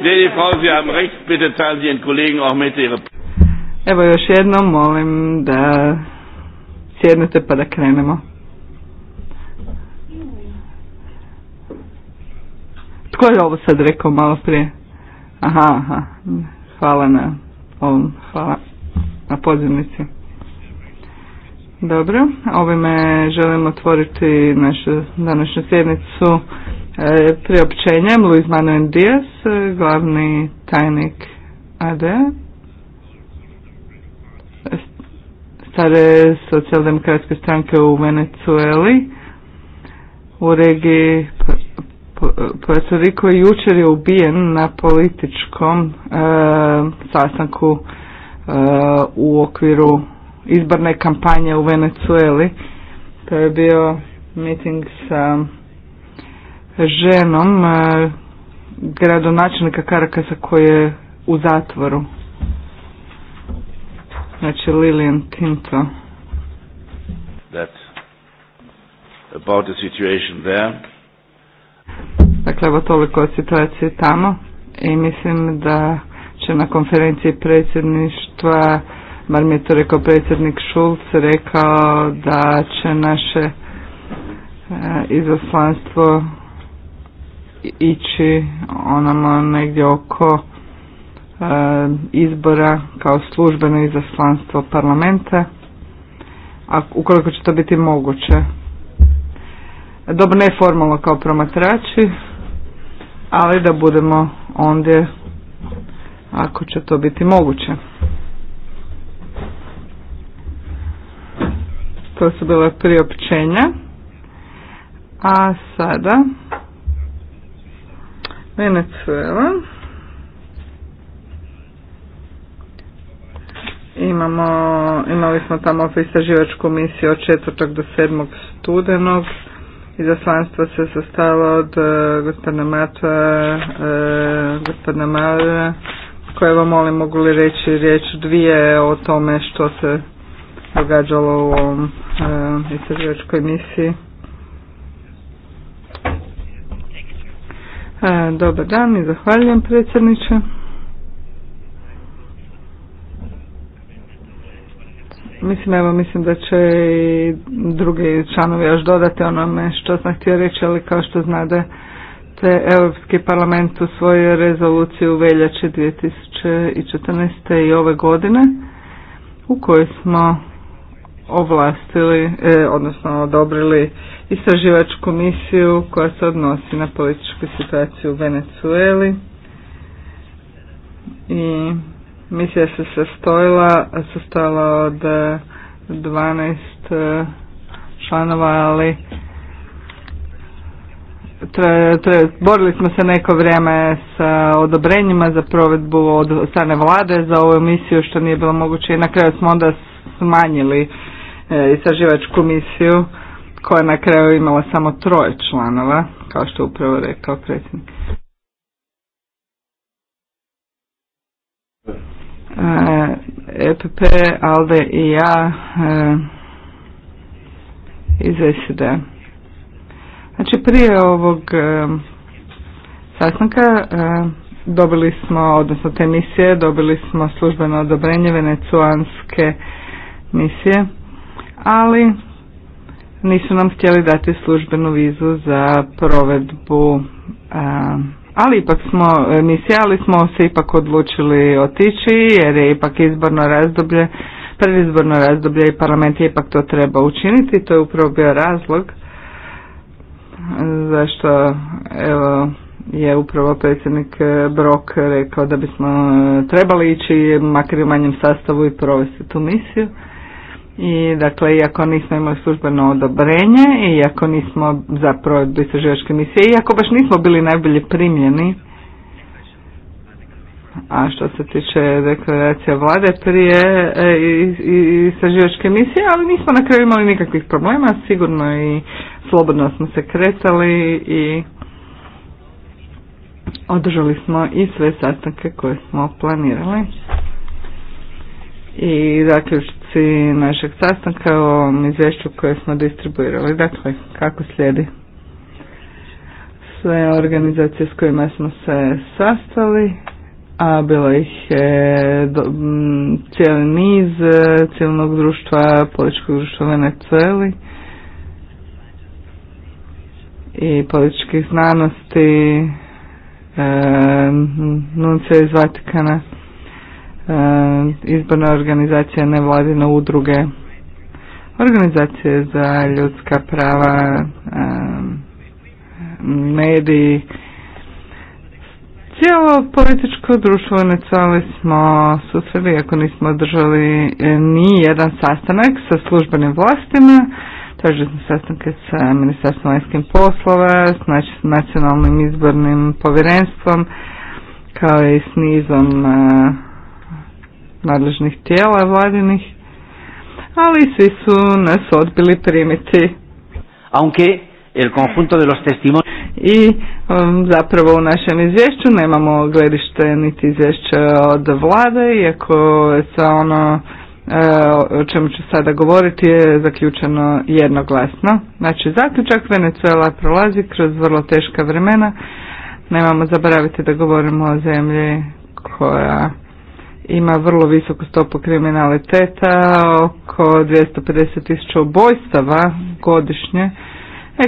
Lijepi Frau, Sie haben recht, bitte teilen Sie Ihren Kollegen auch mit Ihre... Evo još jednom molim da sjednete pa da krenemo. Tko je ovo sad rekao malo prije? Aha, aha, hvala na ovom, hvala na pozivnici. Dobro, ovime želim otvoriti našu današnju sjednicu E, priopćenjem Luis Manuel Diaz, glavni tajnik AD, stare socijaldemokratske stranke u Venecueli, u regiji Puerto Rico jučer je ubijen na političkom e, sastanku e, u okviru izborne kampanje u Venecueli. To je bio miting sa ženom e, gradonačelnika Karakasa koji je u zatvoru. Znači Lilian Tinto. That's about the situation there. Dakle, evo toliko o situaciji tamo i mislim da će na konferenciji predsjedništva, bar mi je to rekao predsjednik Šulc, rekao da će naše e, izaslanstvo ići onamo negdje oko e, izbora kao službeno izaslanstvo parlamenta, a ukoliko će to biti moguće. Dobro, ne formalno kao promatrači, ali da budemo ondje ako će to biti moguće. To su bila priopćenja. A sada Venezuela. Imamo, imali smo tamo istraživačku misiju od 4. do 7. studenog. Izaslanstvo se sastavilo od e, gospodina Matva, e, gospodina Malera, koje vam molim mogu li reći riječ dvije o tome što se događalo u ovom e, istraživačkoj misiji. E, dobar dan i zahvaljujem predsjedniče. Mislim, evo, mislim da će i drugi članovi još dodati onome što sam htio reći, ali kao što znade te Europski parlament u svojoj rezoluciji u veljači 2014. i ove godine, u kojoj smo ovlastili, e, odnosno odobrili istraživačku misiju koja se odnosi na političku situaciju u Venecueli i misija se sastojila, sastojala od 12 e, članova, ali tre, tre, borili smo se neko vrijeme sa odobrenjima za provedbu od strane vlade za ovu misiju što nije bilo moguće i na kraju smo onda smanjili e, istraživačku misiju koja je na kraju imala samo troje članova, kao što je upravo rekao predsjednik. EPP, e ALDE i ja e, iz SED. Znači prije ovog e, sastanka dobili smo, odnosno te misije, dobili smo službeno odobrenje venecuanske misije, ali nisu nam htjeli dati službenu vizu za provedbu ali ipak smo e, misija, ali smo se ipak odlučili otići jer je ipak izborno razdoblje, predizborno razdoblje i parlament je ipak to treba učiniti. To je upravo bio razlog e, zašto evo, je upravo predsjednik e, Brok rekao da bismo trebali ići makar u manjem sastavu i provesti tu misiju. I dakle, iako nismo imali službeno odobrenje, iako nismo za provedbu istraživačke misije, iako baš nismo bili najbolje primljeni, a što se tiče deklaracija vlade prije e, i, istraživačke misije, ali nismo na kraju imali nikakvih problema, sigurno i slobodno smo se kretali i održali smo i sve sastanke koje smo planirali. I dakle našeg sastanka o izvješću koje smo distribuirali. Dakle, kako slijedi? Sve organizacije s kojima smo se sastali, a bilo ih je do, cijeli niz e, civilnog društva, političkog društva Venecueli i političkih znanosti, e, Nunce iz Vatikana. E, izborne organizacije, nevladine udruge, organizacije za ljudska prava, e, mediji, cijelo političko društvo u smo susreli, ako nismo održali ni jedan sastanak sa službenim vlastima, Tražili smo sastanke sa Ministarstvom vanjskim poslova, s nacionalnim izbornim povjerenstvom, kao i s nizom e, nadležnih tijela vladinih, ali svi su nas odbili primiti. Aunque el conjunto de los testimonios i um, zapravo u našem izvješću nemamo gledište niti izvješće od vlade, iako sve ono e, o čemu ću sada govoriti je zaključeno jednoglasno. Znači zaključak Venezuela prolazi kroz vrlo teška vremena. Nemamo zaboraviti da govorimo o zemlji koja ima vrlo visoku stopu kriminaliteta, oko 250 tisuća ubojstava godišnje,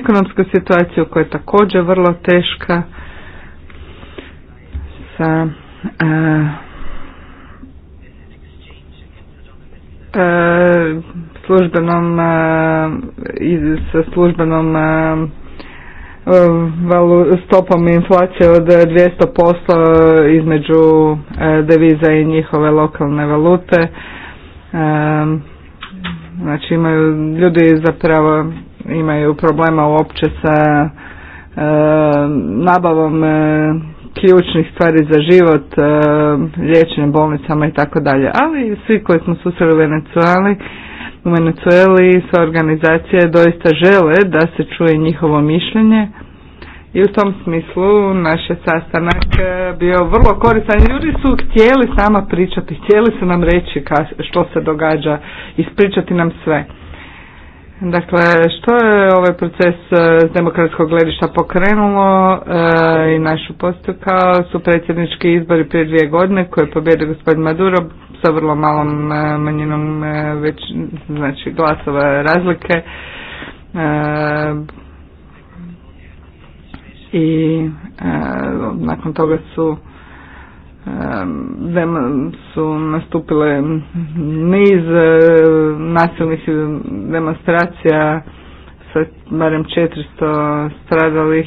ekonomska situacija koja je također vrlo teška sa e, e, službenom e, sa službenom Eh, stopom inflacije od 200% između eh, deviza i njihove lokalne valute. Znači imaju, ljudi zapravo imaju problema uopće sa nabavom eh, ključnih stvari za život, liječenjem bolnicama i tako dalje. Ali svi koji smo susreli u Venecuali u Venezueli sa organizacije doista žele da se čuje njihovo mišljenje i u tom smislu naš je sastanak e, bio vrlo koristan. Ljudi su htjeli sama pričati, htjeli su nam reći što se događa, ispričati nam sve. Dakle, što je ovaj proces e, s demokratskog gledišta pokrenulo e, i našu postupka su predsjednički izbori prije dvije godine koje je gospodin Maduro, sa vrlo malom e, manjinom e, već, znači glasova razlike e, i nakon toga su su nastupile niz nasilnih demonstracija sa barem 400 stradalih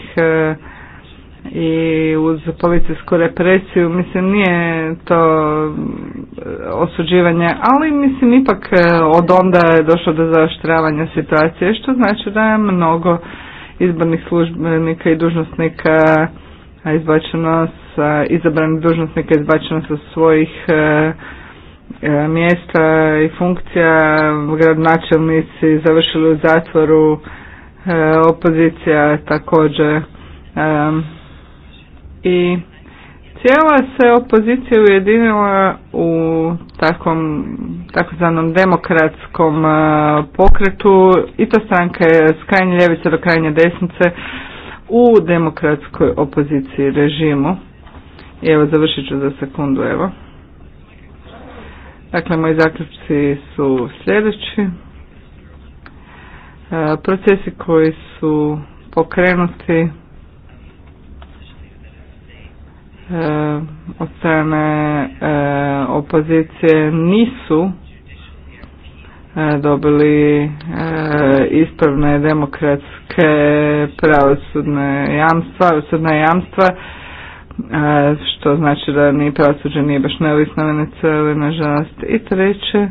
i uz policijsku represiju, mislim nije to eh, osuđivanje, ali mislim ipak eh, od onda je došlo do zaoštravanja situacije, što znači da je mnogo izbornih službenika i dužnosnika izbačeno sa, izabranih dužnosnika izbačeno sa svojih eh, mjesta i funkcija, gradonačelnici završili u zatvoru, opozicija također i cijela se opozicija ujedinila u takvom takozvanom demokratskom e, pokretu i to je s krajnje ljevice do krajnje desnice u demokratskoj opoziciji režimu. I evo završit ću za sekundu, evo. Dakle, moji zaključci su sljedeći. E, procesi koji su pokrenuti E, od strane e, opozicije nisu e, dobili ispravne demokratske pravosudne jamstva, pravosudna jamstva, što znači da ni pravosuđe nije baš neovisno Venezueli, nažalost. I treće,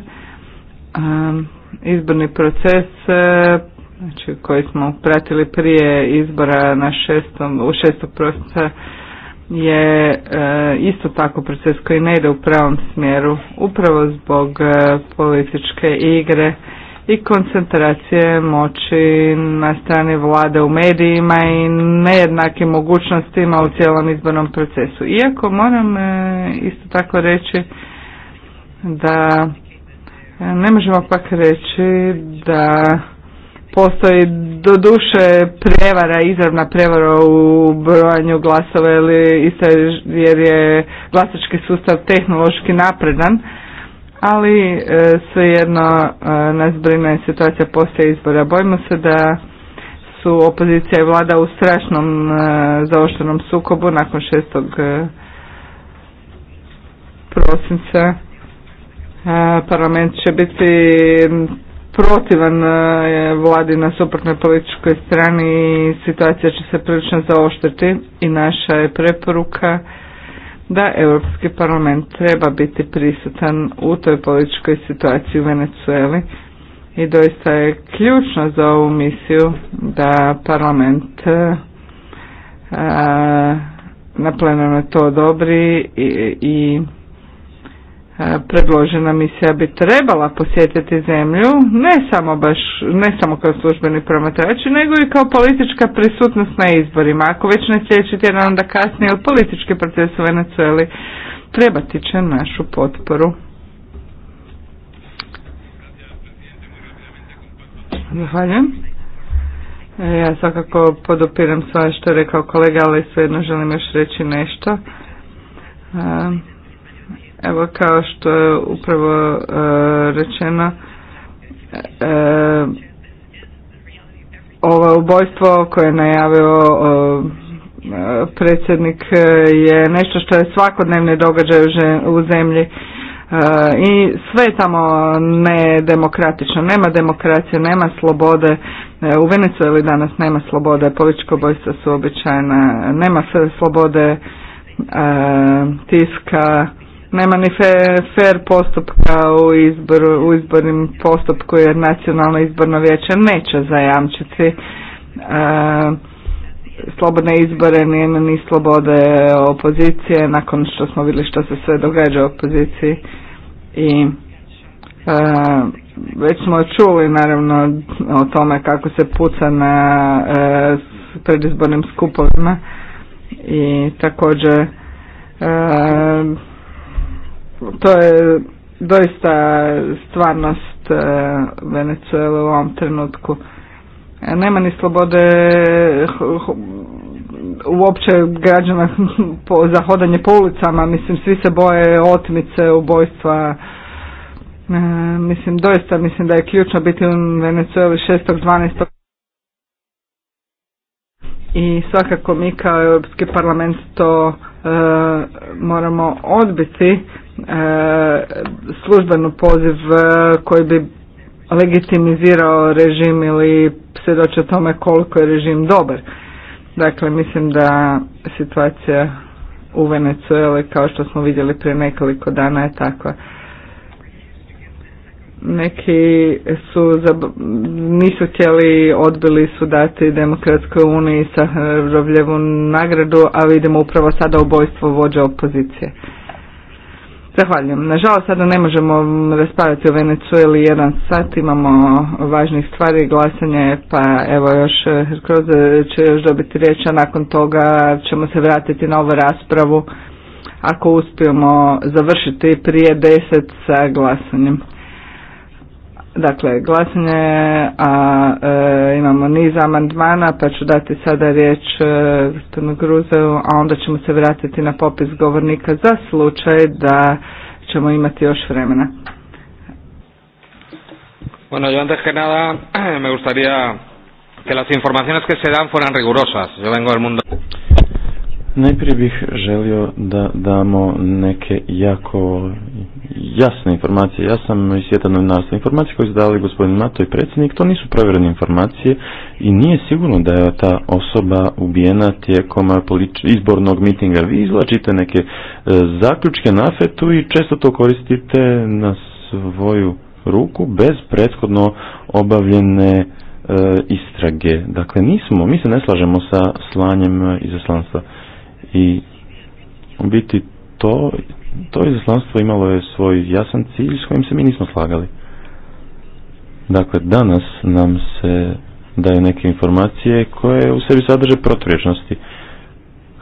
izborni proces znači, koji smo pratili prije izbora na šestom, u šestom prosinca je e, isto tako proces koji ne ide u pravom smjeru upravo zbog e, političke igre i koncentracije moći na strani vlade u medijima i nejednakim mogućnostima u cijelom izbornom procesu. Iako moram e, isto tako reći da ne možemo pak reći da postoji do duše prevara, izravna prevara u brojanju glasova ili jer je glasački sustav tehnološki napredan, ali e, svejedno e, nas brine situacija poslije izbora. Bojimo se da su opozicija i vlada u strašnom e, zaoštranom sukobu nakon 6. prosinca. Parlament će biti protivan e, na suprotnoj političkoj strani i situacija će se prilično zaoštriti i naša je preporuka da Europski parlament treba biti prisutan u toj političkoj situaciji u Venecueli i doista je ključno za ovu misiju da parlament e, a, na plenarno to dobri i, i E, predložena misija bi trebala posjetiti zemlju, ne samo baš, ne samo kao službeni promatrači, nego i kao politička prisutnost na izborima. Ako već ne sljedeći tjedan, onda kasnije od politički proces u Venezueli trebati će našu potporu. Zahvaljujem. E, ja svakako podopiram sve što je rekao kolega, ali svejedno želim još reći nešto. E, Evo kao što je upravo e, rečeno, e, ovo ubojstvo koje je najavio e, predsjednik je nešto što je svakodnevni događaj u zemlji i sve je tamo nedemokratično, nema demokracije, nema slobode, u Venezueli danas nema slobode, političko bojstva su običajna, nema sve slobode tiska, nema ni fer postupka u, izbor, u izbornim postupku jer nacionalno izborno vijeće neće zajamčiti e, slobodne izbore ni, ni slobode opozicije nakon što smo vidjeli što se sve događa u opoziciji i e, već smo čuli naravno o tome kako se puca na e, predizbornim skupovima i također e, to je doista stvarnost e, Venezuele u ovom trenutku. E, nema ni slobode uopće građana za hodanje po ulicama, mislim svi se boje otmice, ubojstva, e, mislim doista mislim da je ključno biti u Venezueli 6.12. I svakako mi kao Europski parlament to moramo odbiti E, službenu poziv e, koji bi legitimizirao režim ili svjedoči o tome koliko je režim dobar. Dakle, mislim da situacija u Venezuele kao što smo vidjeli prije nekoliko dana, je takva. Neki su, nisu htjeli, odbili su dati Demokratskoj uniji sa Rovljevu nagradu, a vidimo upravo sada ubojstvo vođa opozicije. Zahvaljujem. Nažalost, sada ne možemo raspravljati o Venecueli jedan sat, imamo važnih stvari, glasanje, pa evo još kroz će još dobiti riječ, a nakon toga ćemo se vratiti na ovu raspravu ako uspijemo završiti prije deset sa glasanjem. Dakle, glasanje, a e, imamo niz amandmana, pa ću dati sada riječ e, gospodinu Gruzeu, a onda ćemo se vratiti na popis govornika za slučaj da ćemo imati još vremena. Bueno, yo antes que nada me gustaría que las informaciones que se dan fueran rigurosas. Yo vengo del mundo. Najprije bih želio da damo neke jako jasne informacije. Ja sam iz svijeta novinarstva. Informacije koje su dali gospodin Mato i predsjednik, to nisu provjerene informacije i nije sigurno da je ta osoba ubijena tijekom izbornog mitinga. Vi izlačite neke e, zaključke na fetu i često to koristite na svoju ruku bez prethodno obavljene e, istrage. Dakle, nismo, mi se ne slažemo sa slanjem izaslanstva. I u biti to, to izaslanstvo imalo je svoj jasan cilj s kojim se mi nismo slagali. Dakle, danas nam se daju neke informacije koje u sebi sadrže proturječnosti.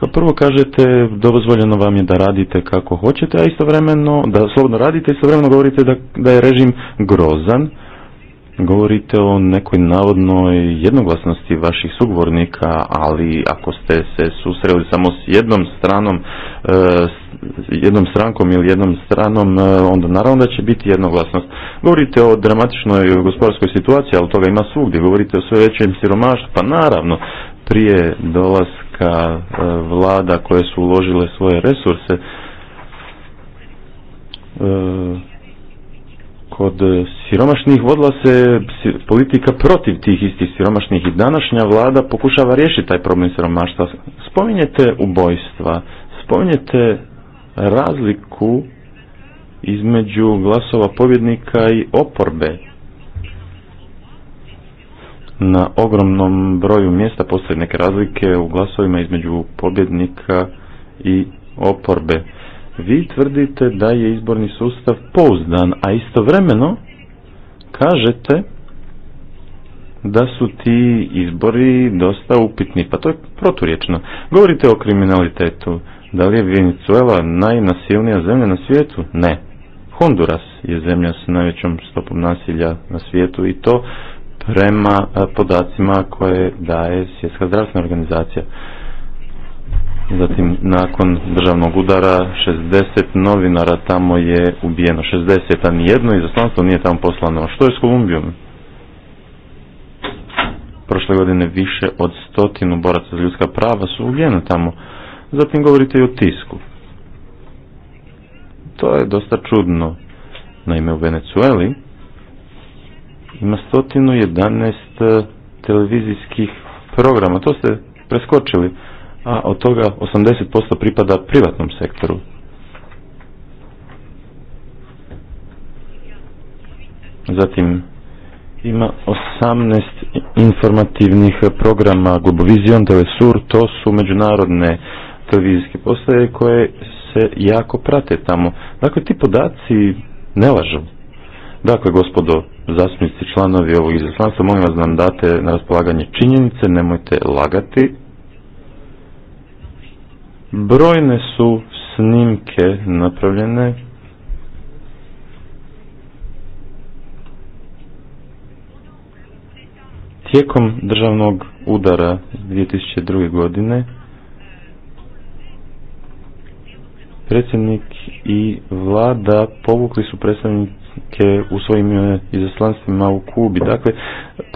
Kao prvo kažete, dozvoljeno vam je da radite kako hoćete, a istovremeno, da slobodno radite, istovremeno govorite da, da je režim grozan govorite o nekoj navodnoj jednoglasnosti vaših sugovornika, ali ako ste se susreli samo s jednom stranom, e, jednom strankom ili jednom stranom, e, onda naravno da će biti jednoglasnost. Govorite o dramatičnoj gospodarskoj situaciji, ali toga ima svugdje. Govorite o sve većem siromaštvu, pa naravno, prije dolaska e, vlada koje su uložile svoje resurse, kod e, siromašnih vodila se politika protiv tih istih siromašnih i današnja vlada pokušava riješiti taj problem siromaštva. Spominjete ubojstva, spominjete razliku između glasova pobjednika i oporbe. Na ogromnom broju mjesta postoje neke razlike u glasovima između pobjednika i oporbe vi tvrdite da je izborni sustav pouzdan, a istovremeno kažete da su ti izbori dosta upitni, pa to je proturječno. Govorite o kriminalitetu, da li je Venezuela najnasilnija zemlja na svijetu? Ne. Honduras je zemlja s najvećom stopom nasilja na svijetu i to prema podacima koje daje Svjetska zdravstvena organizacija. Zatim, nakon državnog udara, 60 novinara tamo je ubijeno. 60, a nijedno izaslanstvo nije tamo poslano. Što je s Kolumbijom? Prošle godine više od stotinu boraca za ljudska prava su ubijeno tamo. Zatim govorite i o tisku. To je dosta čudno. Naime, u Venecueli ima 111 eh, televizijskih programa. To ste preskočili a od toga 80% pripada privatnom sektoru. Zatim ima 18 informativnih programa Globovision, Sur, to su međunarodne televizijske postaje koje se jako prate tamo. Dakle, ti podaci ne lažu. Dakle, gospodo zastupnici, članovi ovog izaslanstva, molim vas da nam date na raspolaganje činjenice, nemojte lagati, Brojne su snimke napravljene tijekom državnog udara 2002. godine predsjednik i vlada povukli su predstavnike u svojim izaslanstvima u Kubi. Dakle,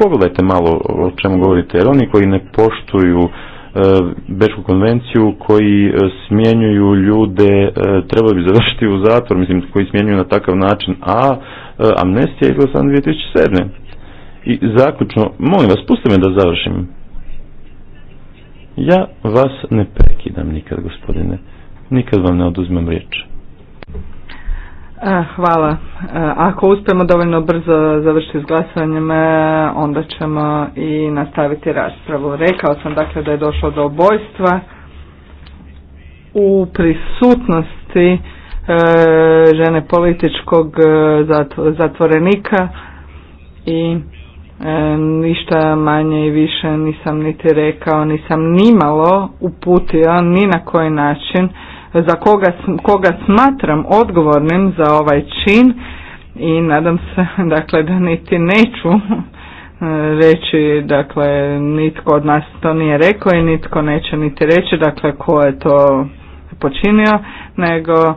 pogledajte malo o čemu govorite, jer oni koji ne poštuju E, Bečku konvenciju koji e, smjenjuju ljude, e, trebali bi završiti u zatvor, mislim, koji smjenjuju na takav način, a amnestija je tisuće 2007. I zaključno, molim vas, pustite me da završim. Ja vas ne prekidam nikad, gospodine. Nikad vam ne oduzmem riječ. Eh, hvala. Eh, ako uspemo dovoljno brzo završiti s glasovanjem, eh, onda ćemo i nastaviti raspravu. Rekao sam dakle da je došlo do obojstva u prisutnosti žene političkog zatvorenika i ništa manje i više nisam niti rekao, nisam nimalo uputio ni na koji način za koga, koga smatram odgovornim za ovaj čin i nadam se dakle da niti neću e, reći dakle nitko od nas to nije rekao i nitko neće niti reći dakle ko je to počinio nego e,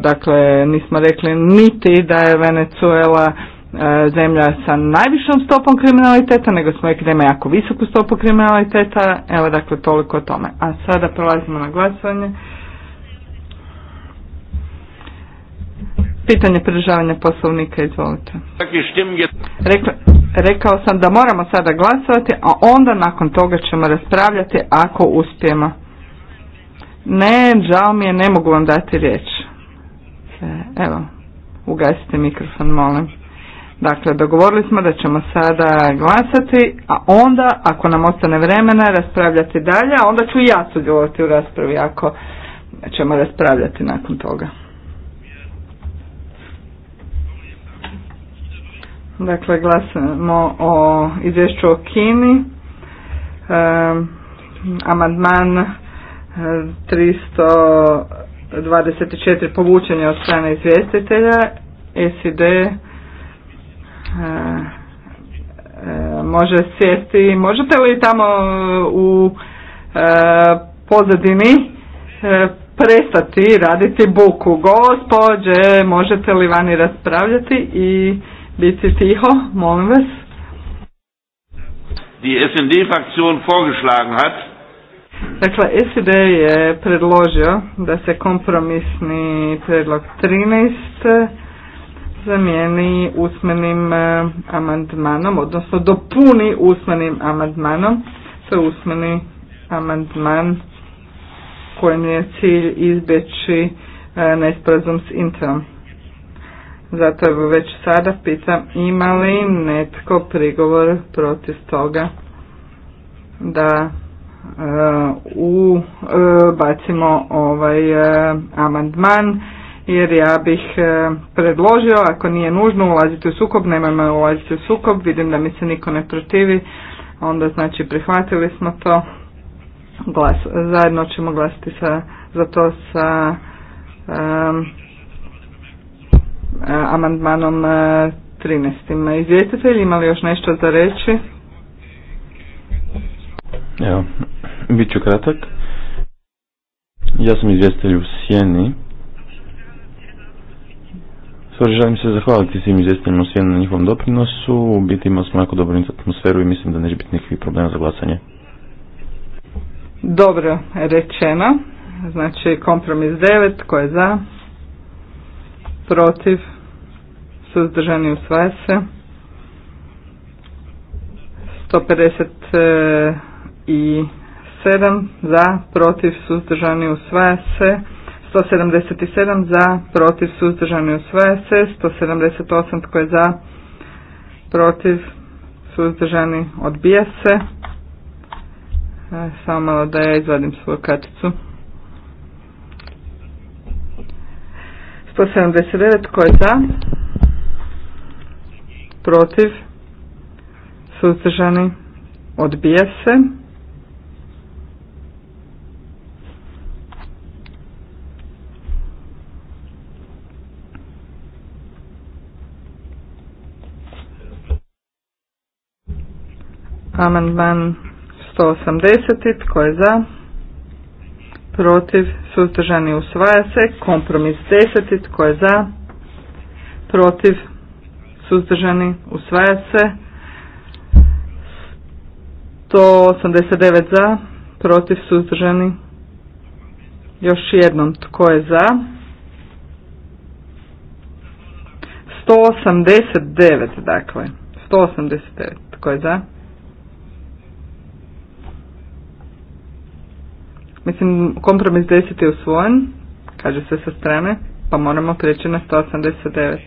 dakle nismo rekli niti da je Venezuela e, zemlja sa najvišom stopom kriminaliteta nego smo rekli da ima jako visoku stopu kriminaliteta evo dakle toliko o tome a sada prolazimo na glasovanje Pitanje pridržavanja poslovnika, izvolite. rekao sam da moramo sada glasovati, a onda nakon toga ćemo raspravljati ako uspijemo. Ne, žao mi je, ne mogu vam dati riječ. E, evo, ugasite mikrofon, molim. Dakle, dogovorili smo da ćemo sada glasati, a onda, ako nam ostane vremena, raspravljati dalje, a onda ću i ja sudjelovati u raspravi ako ćemo raspravljati nakon toga. Dakle, glasamo o izvješću o Kini. amadman amandman 324 e, povučenje od strane izvjestitelja. SID e, e, može sjesti. Možete li tamo u pozadini prestati raditi buku? Gospođe, možete li vani raspravljati i biti tiho, molim vas. Die SND-Fraktion vorgeschlagen hat. Dakle, SED je predložio da se kompromisni predlog 13 zamijeni usmenim e, amandmanom, odnosno dopuni usmenim amandmanom. To je usmeni amandman kojem je cilj izbjeći e, nesporazum s Intelom. Zato evo već sada pitam ima li netko prigovor protiv toga da e, u e, bacimo ovaj e, amandman jer ja bih predložio ako nije nužno ulaziti u sukob, nemojmo ulaziti u sukob, vidim da mi se niko ne protivi, onda znači prihvatili smo to. Glas, zajedno ćemo glasiti sa, za to sa E, amandmanom 13. E, izvjestitelj, ima li još nešto za reći? Evo, bit ću kratak. Ja sam izvjestitelj u Sjeni. Stvari želim se zahvaliti svim izvjestiteljima u Sjeni na njihovom doprinosu. U biti imali smo jako dobru atmosferu i mislim da neće biti nikakvih problema za glasanje. Dobro rečeno. Znači kompromis 9, ko je za? protiv, suzdržani usvaja se. 157 e, za, protiv, suzdržani usvaja se. 177 za, protiv, suzdržani usvaja se. 178 tko je za, protiv, suzdržani odbija se. E, samo malo da ja izvadim svoju karticu. 179 tko je za? Protiv? Suzdržani? Odbija se. Amandman 180. Tko je za? protiv, suzdržani usvaja se, kompromis 10, tko je za, protiv, suzdržani usvaja se, 189 za, protiv, suzdržani, još jednom, tko je za, 189 dakle, 189, tko je za, Mislim, kompromis 10 je usvojen, kaže se sa strane, pa moramo prijeći na 189.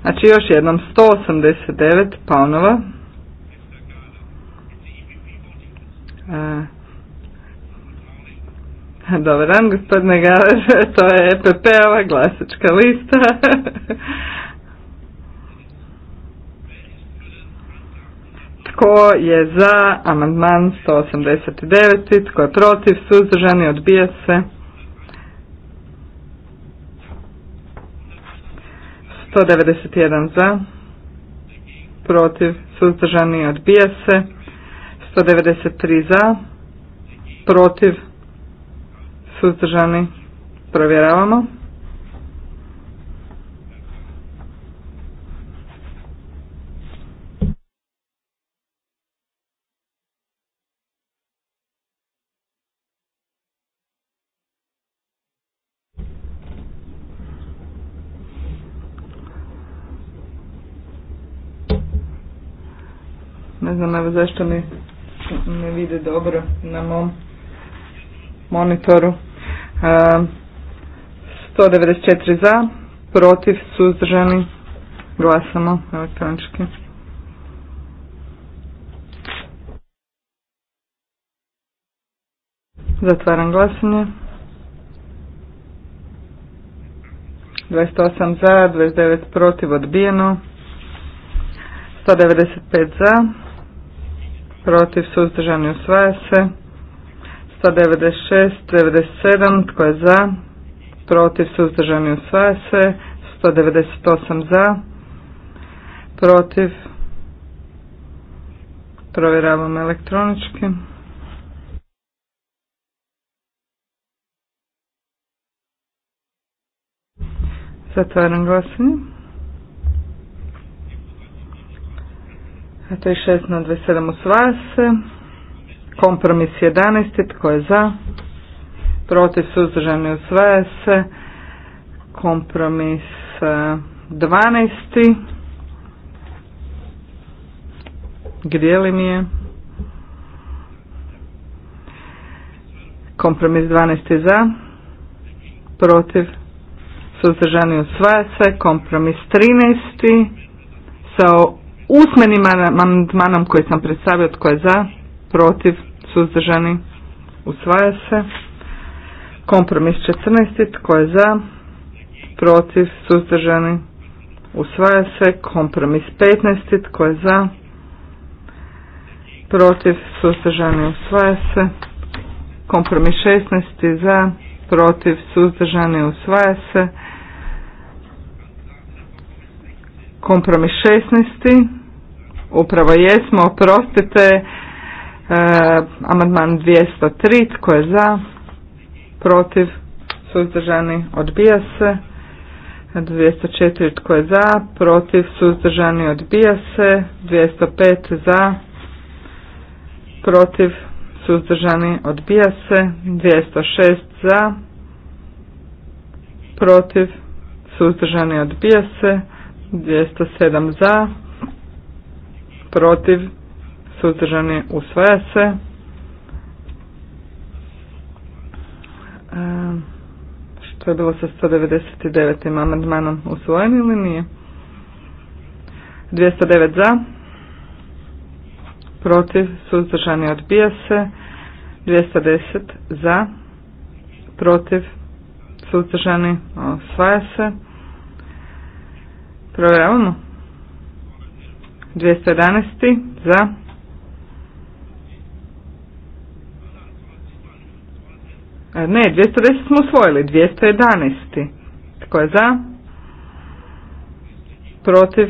Znači još jednom 189 panova. E, Dobar dan, gospodine Galer, to je EPP-ova glasačka lista. Tko je za amandman 189? Tko je protiv? Suzdržani? Odbija se. 191 za. Protiv? Suzdržani? Odbija se. 193 za. Protiv? Suzdržani? Provjeravamo. znam evo zašto mi ne vide dobro na mom monitoru. 194 za, protiv, suzdržani, glasamo elektronički. Zatvaram glasanje. 28 za, 29 protiv, odbijeno. 195 za, protiv, suzdržani, usvaja se. 196, 97, tko je za, protiv, suzdržani, usvaja se. 198 za, protiv, provjeravamo elektronički. Zatvaram glasanje. To je 6 na 27 usvaja se. Kompromis 11. Tko je za? Protiv suzdržani usvaja se. Kompromis 12. E, gdje li mi je. Kompromis 12. za. Protiv suzdržani usvaja se. Kompromis 13. Sa usmenim amandmanom koji sam predstavio tko je za, protiv, suzdržani, usvaja se. Kompromis 14. Tko je za, protiv, suzdržani, usvaja se. Kompromis 15. Tko je za, protiv, suzdržani, usvaja se. Kompromis 16. za, protiv, suzdržani, usvaja se. Kompromis 16. Upravo jesmo, oprostite. E, amandman 203, tko je za? Protiv? Suzdržani? Odbija se. 204 tko je za, protiv, suzdržani, odbija se. 205 za, protiv, suzdržani, odbija se. 206 za, protiv, suzdržani, odbija se. 207 za, protiv, suzdržani, usvaja se. Ehm, što je bilo sa 199. amandmanom usvojen ili nije? 209 za, protiv, suzdržani, odbija se. 210 za, protiv, suzdržani, osvaja se. Provjeravamo. 211. za. E, ne, 210 smo usvojili. 211. Tko je za? Protiv?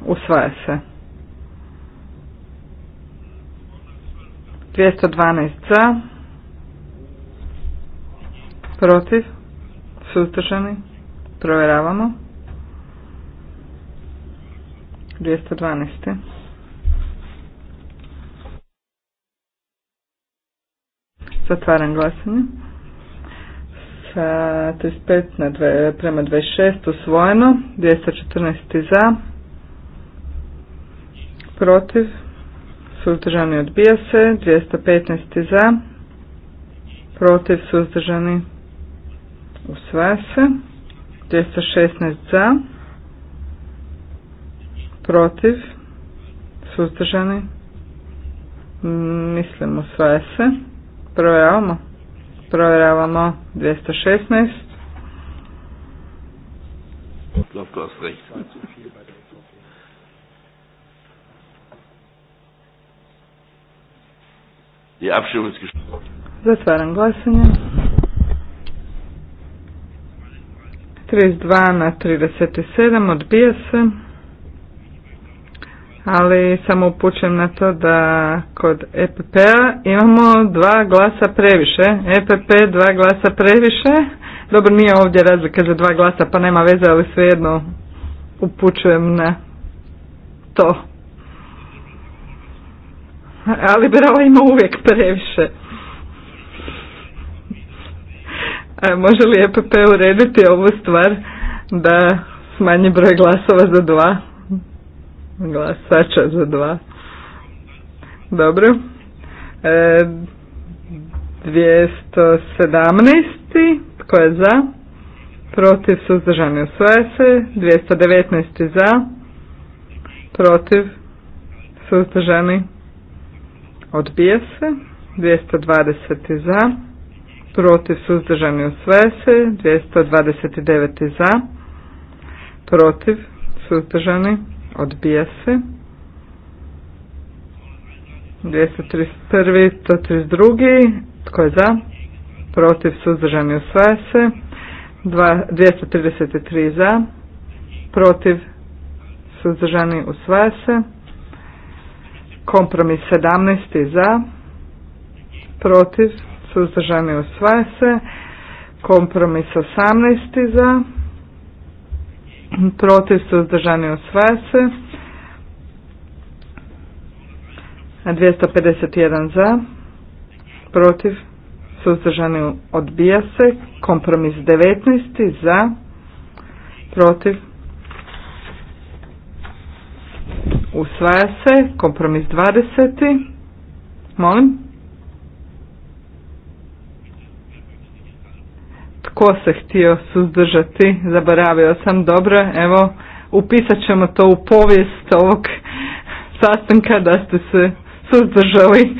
Usvaja se. 212 za. Protiv? Suzdržani? Provjeravamo. 212. Zatvaram glasanje. Sa 35 na dve, prema 26 usvojeno. 214 za. Protiv. Suzdržani odbija se. 215 za. Protiv. Suzdržani usvaja se. 216 za protiv, suzdržani, mislim usvaja se, provjeravamo, provjeravamo 216. Zatvaram glasanje. 32 na 37 odbija se ali samo upućujem na to da kod EPP-a imamo dva glasa previše. EPP dva glasa previše. Dobro, nije ovdje razlika za dva glasa, pa nema veze, ali svejedno upućujem na to. Ali liberala ima uvijek previše. A može li EPP urediti ovu stvar da smanji broj glasova za dva? glasača za dva. Dobro. E, 217. Tko je za? Protiv suzdržani usvaja se. 219. za. Protiv suzdržani odbija se. 220. za. Protiv suzdržani usvaja se. 229. za. Protiv suzdržani odbija se. 231. 132. Tko je za? Protiv suzdržani usvaja se. 233 za. Protiv suzdržani usvaja se. Kompromis 17 za. Protiv suzdržani usvaja se. Kompromis 18 za protiv, suzdržani, usvaja se. 251 za, protiv, suzdržani, odbija se. Kompromis 19 za, protiv, usvaja se. Kompromis 20. Molim. tko se htio suzdržati, zaboravio sam dobro, evo upisat ćemo to u povijest ovog sastanka da ste se suzdržali.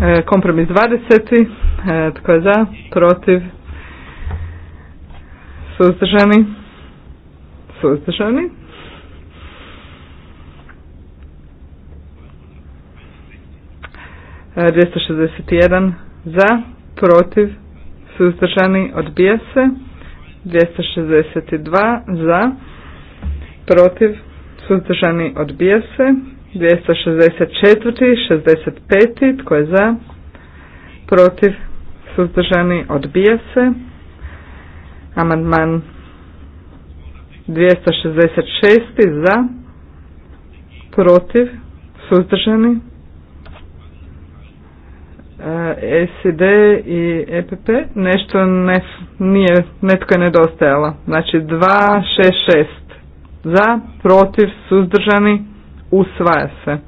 E, kompromis 20. E, tko je za? Protiv? Suzdržani? Suzdržani? E, 261 za, protiv, suzdržani, odbija se. 262 za, protiv, suzdržani, odbija se. 264, 65, tko je za, protiv, suzdržani, odbija se. Amandman 266 za, protiv, suzdržani, E, SED i EPP, nešto ne, nije, netko je nedostajalo. Znači 266 za, protiv, suzdržani, usvaja se.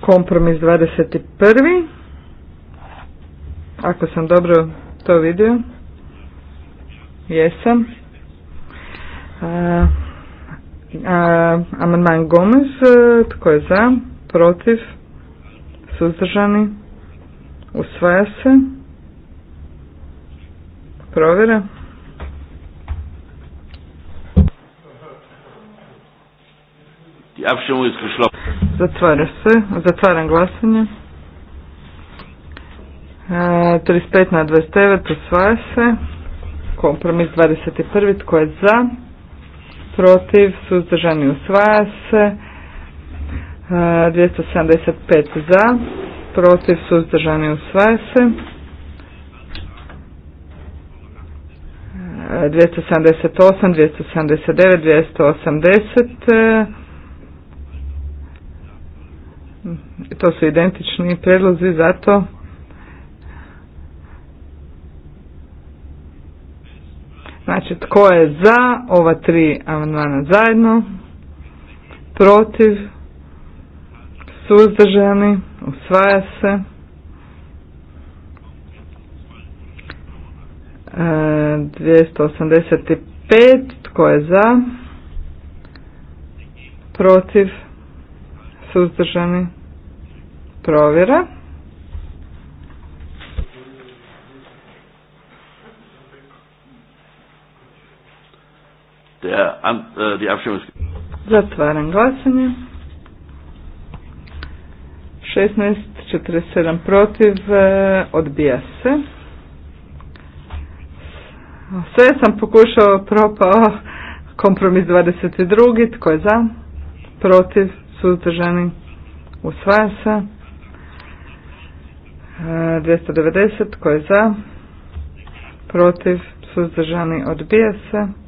Kompromis 21. Ako sam dobro to vidio. Jesam. Uh, Amandman Gomez, e, tko je za, protiv, suzdržani, usvaja se, provjera. Zatvara se, zatvaram glasanje. 35 e, na 29, usvaja se. Kompromis 21, tko je za, protiv, suzdržani usvaja se, 275 e, za, protiv, suzdržani usvaja se, 278, 279, 280, to su identični predlozi, zato Znači, tko je za ova tri amandmana zajedno? Protiv? Suzdržani? Usvaja se? E, 285. Tko je za? Protiv? Suzdržani? Provjera. Äh, Zatvaram glasanje. 16.47 47 protiv, e, odbija se. Sve sam pokušao, propao, kompromis 22, tko je za, protiv, suzdržani, usvaja se. 290, e, tko je za, protiv, suzdržani, odbija se.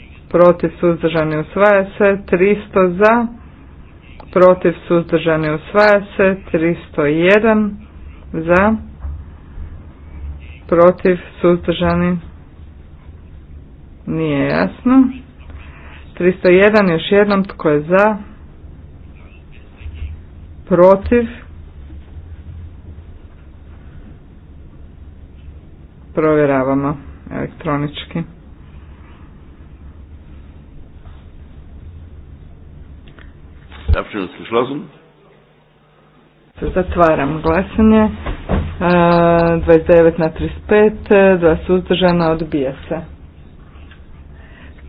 protiv suzdržani usvaja se, 300 za, protiv suzdržani usvaja se, 301 za, protiv suzdržani nije jasno. 301 još jednom tko je za, protiv, provjeravamo elektronički. Zatvaram glasanje. 29 na 35, dva suzdržana, odbija se.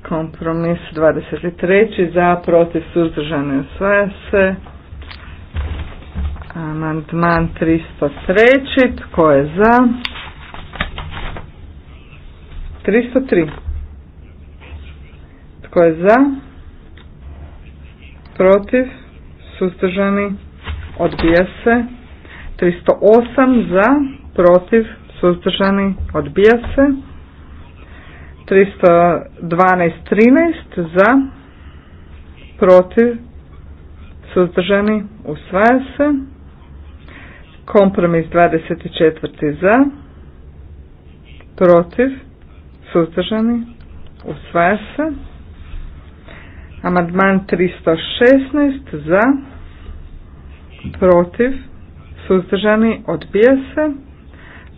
Kompromis 23, za, protiv, suzdržane, sve se. Amandman 303, tko je za? 303. Tko je za? protiv, suzdržani, odbija se. 308 za, protiv, suzdržani, odbija se. 312, 13 za, protiv, suzdržani, usvaja se. Kompromis 24 za, protiv, suzdržani, usvaja se. Amadman 316 za, protiv, suzdržani, odbija se.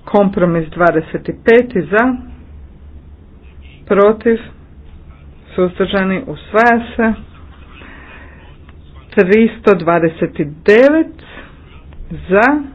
Kompromis 25 za, protiv, suzdržani, usvaja se. 329 za,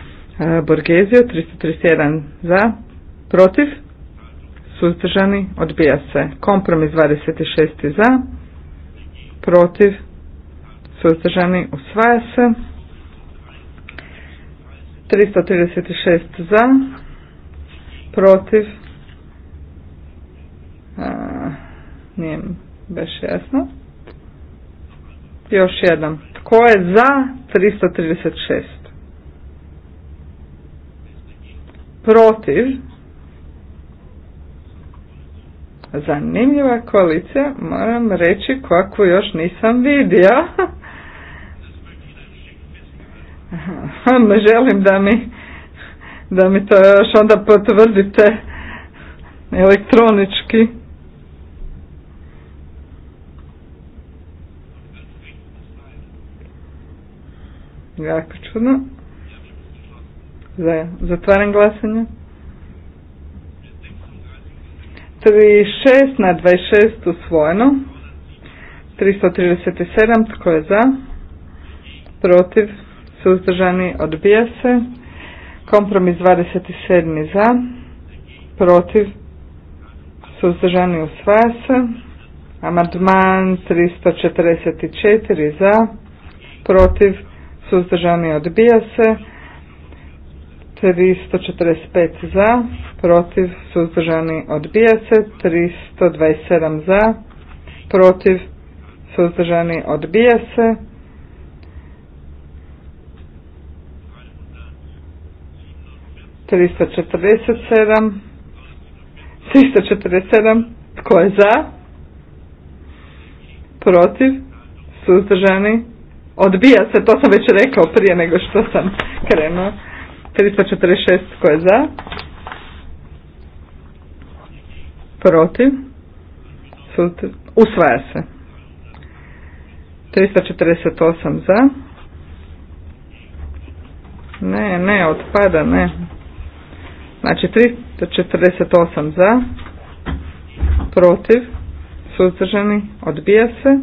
E, Borgezio 331 za, protiv, suzdržani, odbija se. Kompromis 26 za, protiv, suzdržani, usvaja se. 336 za, protiv, a, nije baš jasno. Još jedan. Tko je za 336? protiv zanimljiva koalicija moram reći kakvu još nisam vidio želim da mi da mi to još onda potvrdite elektronički jako čudno za zatvaram glasanje. 36 na 26 usvojeno. 337 tko je za? Protiv suzdržani odbija se. Kompromis 27 za. Protiv suzdržani usvaja se. Amandman 344 za. Protiv suzdržani odbija se. 345 za, protiv, suzdržani odbija se, 327 za, protiv, suzdržani odbija se, 347, 347, tko je za, protiv, suzdržani, odbija se, to sam već rekao prije nego što sam krenuo. 346 koji je za? Protiv? Usvaja se. 348 za. Ne, ne, otpada, ne. Znači 348 za. Protiv? Suzdržani? Odbija se.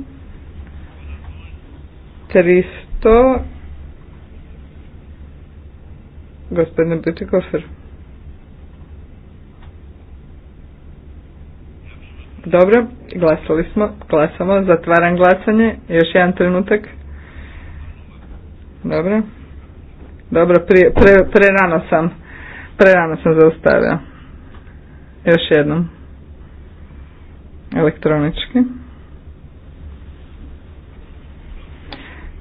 300 Gospodine Butikofer. Dobro, glasali smo, glasamo, zatvaram glasanje, još jedan trenutak. Dobro. Dobro, pre, rano sam, prerano sam zaustavio. Još jednom. Elektronički.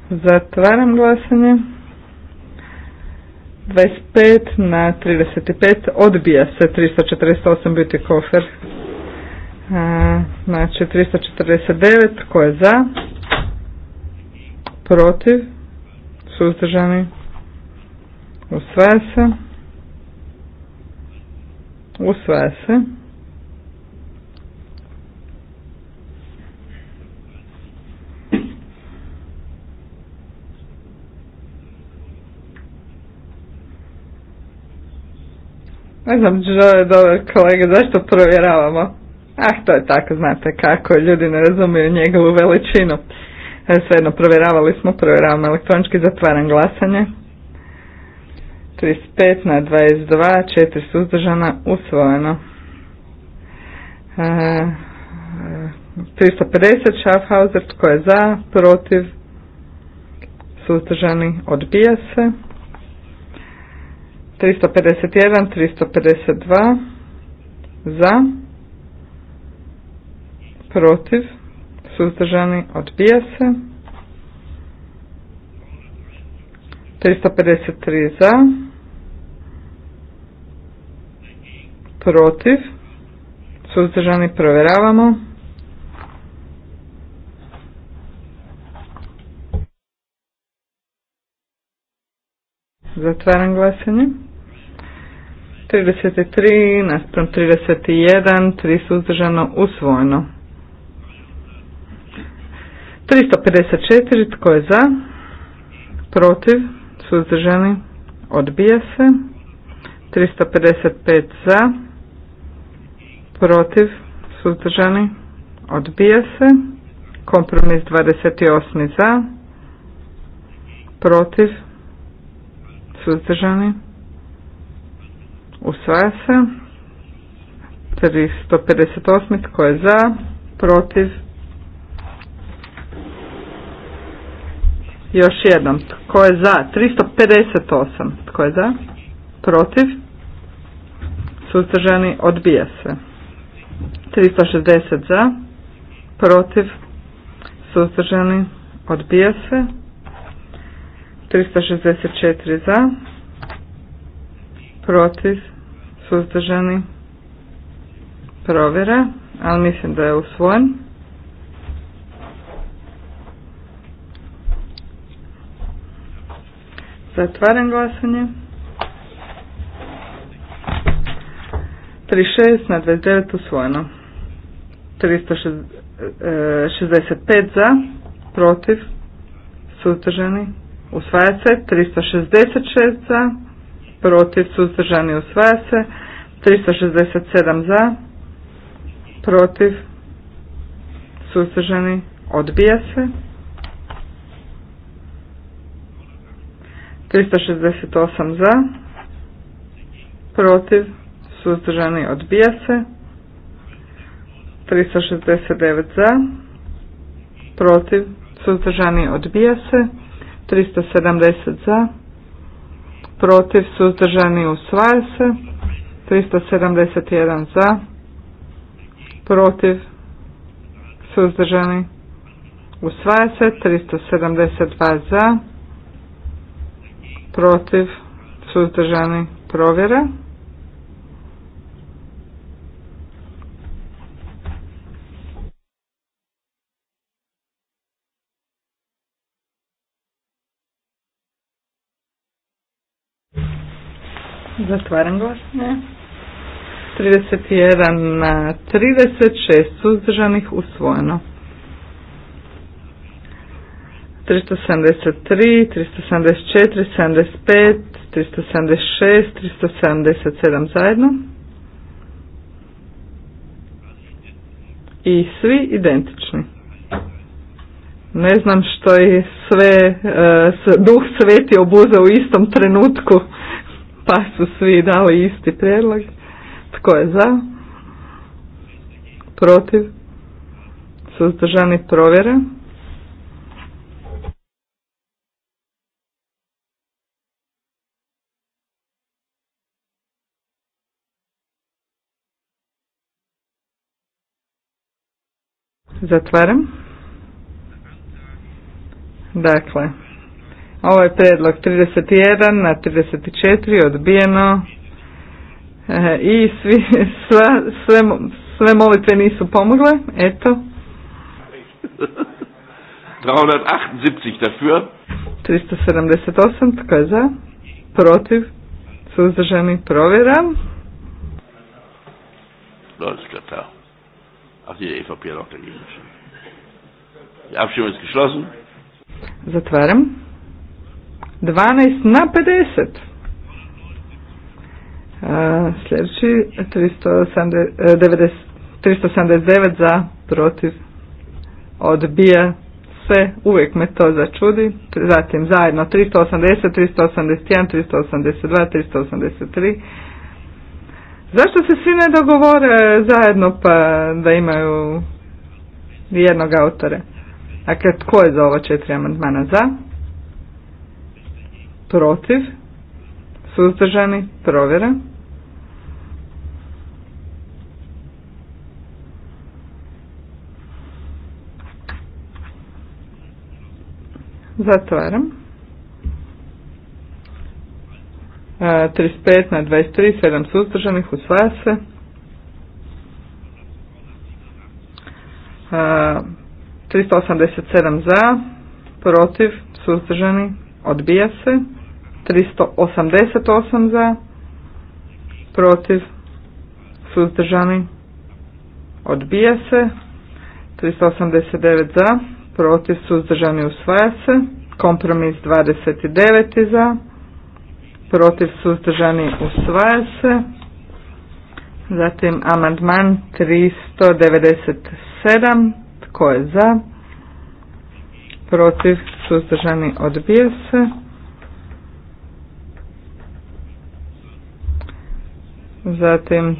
Zatvaram glasanje. 25 na 35 odbija se 348 biti kofer. Znači 349 ko je za? Protiv? Suzdržani? Usvaja se. Usvaja se. Ne znam, žele dobar kolege, zašto provjeravamo? Ah, to je tako, znate kako, ljudi ne razumiju njegovu veličinu. E, svejedno, provjeravali smo, provjeravamo elektronički, zatvaram glasanje. 35 na 22, 4 suzdržana, usvojeno. 350, e, Schaffhauser, tko je za, protiv, suzdržani, odbija se. 351, 352 za, protiv, suzdržani, odbija se. 353 za, protiv, suzdržani, provjeravamo. Zatvaram glasanje. 33 naspram 31, 3 suzdržano usvojeno. 354 tko je za? Protiv, suzdržani, odbija se. 355 za, protiv, suzdržani, odbija se. Kompromis 28 za, protiv, suzdržani, odbija se Usvaja se. 358. Tko je za? Protiv? Još jednom. Tko je za? 358. Tko je za? Protiv? Suzdržani odbija se. 360 za. Protiv? Suzdržani odbija se. 364 za. Protiv? suzdržani, provjera, ali mislim da je usvojen. Zatvaram glasanje. 36 na 29 usvojeno. 365 e, za, protiv, suzdržani, usvaja se, 366 za, protiv, suzdržani, usvaja se. 367 za, protiv, suzdržani, odbija se. 368 za, protiv, suzdržani, odbija se. 369 za, protiv, suzdržani, odbija se. 370 za, protiv, suzdržani, usvaja se. 371 za, protiv, suzdržani, usvaja se. 372 za, protiv, suzdržani, provjera. Zatvaram glasnje. 31 na 36 suzdržanih usvojeno. 373, 374, 75, 376, 377 zajedno. I svi identični. Ne znam što je sve, eh, duh sveti obuzao u istom trenutku pa su svi dali isti prijedlog. Tko je za? Protiv? Suzdržani provjera? Zatvaram. Dakle, ovo je predlog 31 na 34 odbijeno e, i svi, sva, sve, sve molitve nisu pomogle, eto. 378 dafür. 378, tko je za? Protiv? Suzdržani provjeram. Leute, Katar. Ach, die EVP da je dagegen. Die Abstimmung ist geschlossen. Zatvaram. 12 na 50. E, sljedeći 379 za protiv odbija se, uvijek me to začudi. Zatim zajedno 380, 381, 382, 383. Zašto se svi ne dogovore zajedno pa da imaju jednog autore? Dakle, tko je za ovo četiri amandmana za? protiv, suzdržani, provjera. Zatvaram. 35 e, na 23, 7 suzdržanih, usvaja se. 387 e, za, protiv, suzdržani, odbija se. 388 za, protiv, suzdržani, odbija se, 389 za, protiv, suzdržani, usvaja se, kompromis 29 za, protiv, suzdržani, usvaja se, zatim amandman 397, tko je za, protiv, suzdržani, odbija se, Zatim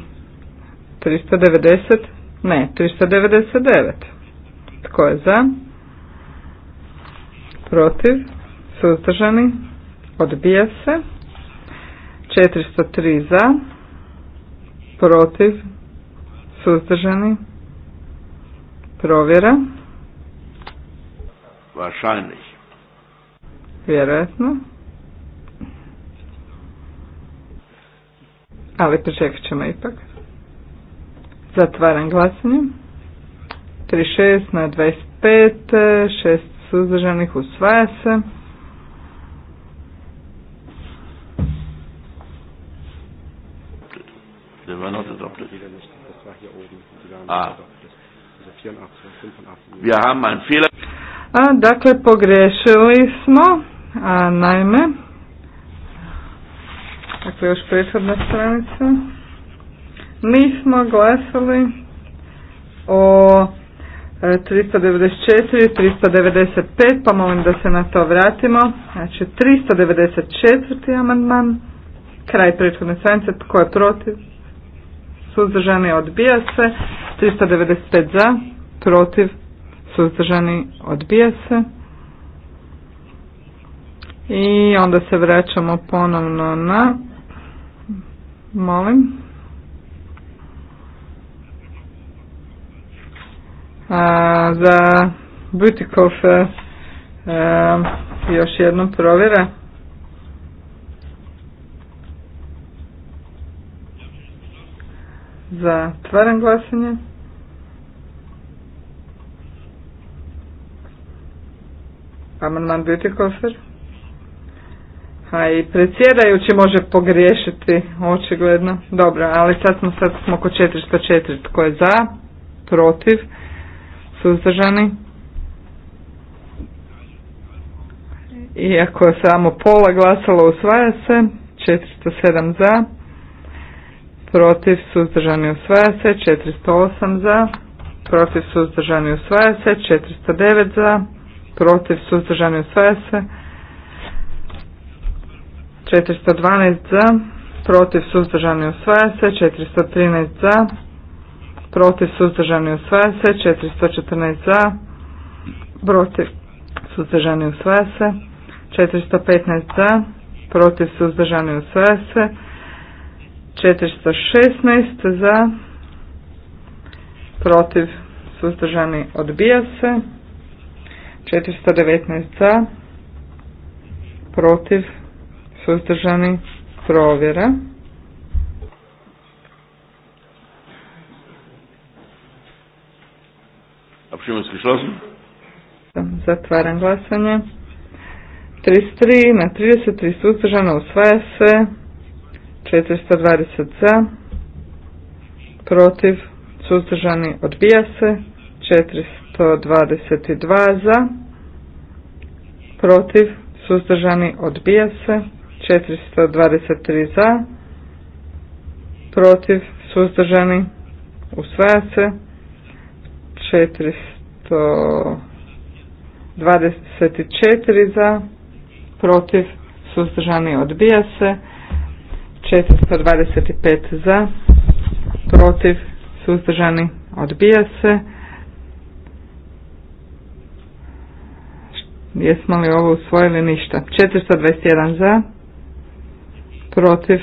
390, ne, 399. Tko je za? Protiv? Suzdržani? Odbija se. 403 za. Protiv? Suzdržani? Provjera. Vašajnih. Vjerojatno. ali pričekat ćemo ipak. Zatvaram glasanje. 36 na 25, 6 suzdržanih usvaja se. Ah. A, dakle, pogrešili smo, a naime, Dakle, još prethodna stranica. Mi smo glasali o 394, e, 395, pa molim da se na to vratimo. Znači, 394. amandman, kraj prethodne stranice, tko je protiv? Suzdržani odbija se. 395 za, protiv, suzdržani odbija se. I onda se vraćamo ponovno na... Molim. za Butikov e, još jednom provjera. Zatvaram glasanje. Amandman Butikofer. A i predsjedajući može pogriješiti, očigledno. Dobro, ali sad smo, sad smo oko 404. Tko je za? Protiv? Suzdržani? Iako je samo pola glasalo, usvaja se. 407 za. Protiv? Suzdržani? Usvaja se. 408 za. Protiv? Suzdržani? Usvaja se. 409 za. Protiv? Suzdržani? Usvaja se. 412 za, protiv suzdržani usvaja se, 413 za, protiv suzdržani usvaja se, 414 za, protiv suzdržani usvaja se, 415 za, protiv suzdržani usvaja se, 416 za, protiv suzdržani odbija se, 419 za, protiv suzdržani, provjera. Zatvaram glasanje. 33 na 33 suzdržano usvaja se. 420 za. Protiv suzdržani odbija se. 422 za. Protiv suzdržani odbija se. 423 za, protiv, suzdržani, usvaja se, 424 za, protiv, suzdržani, odbija se, 425 za, protiv, suzdržani, odbija se, Jesmo li ovo usvojili ništa? 421 za, protiv,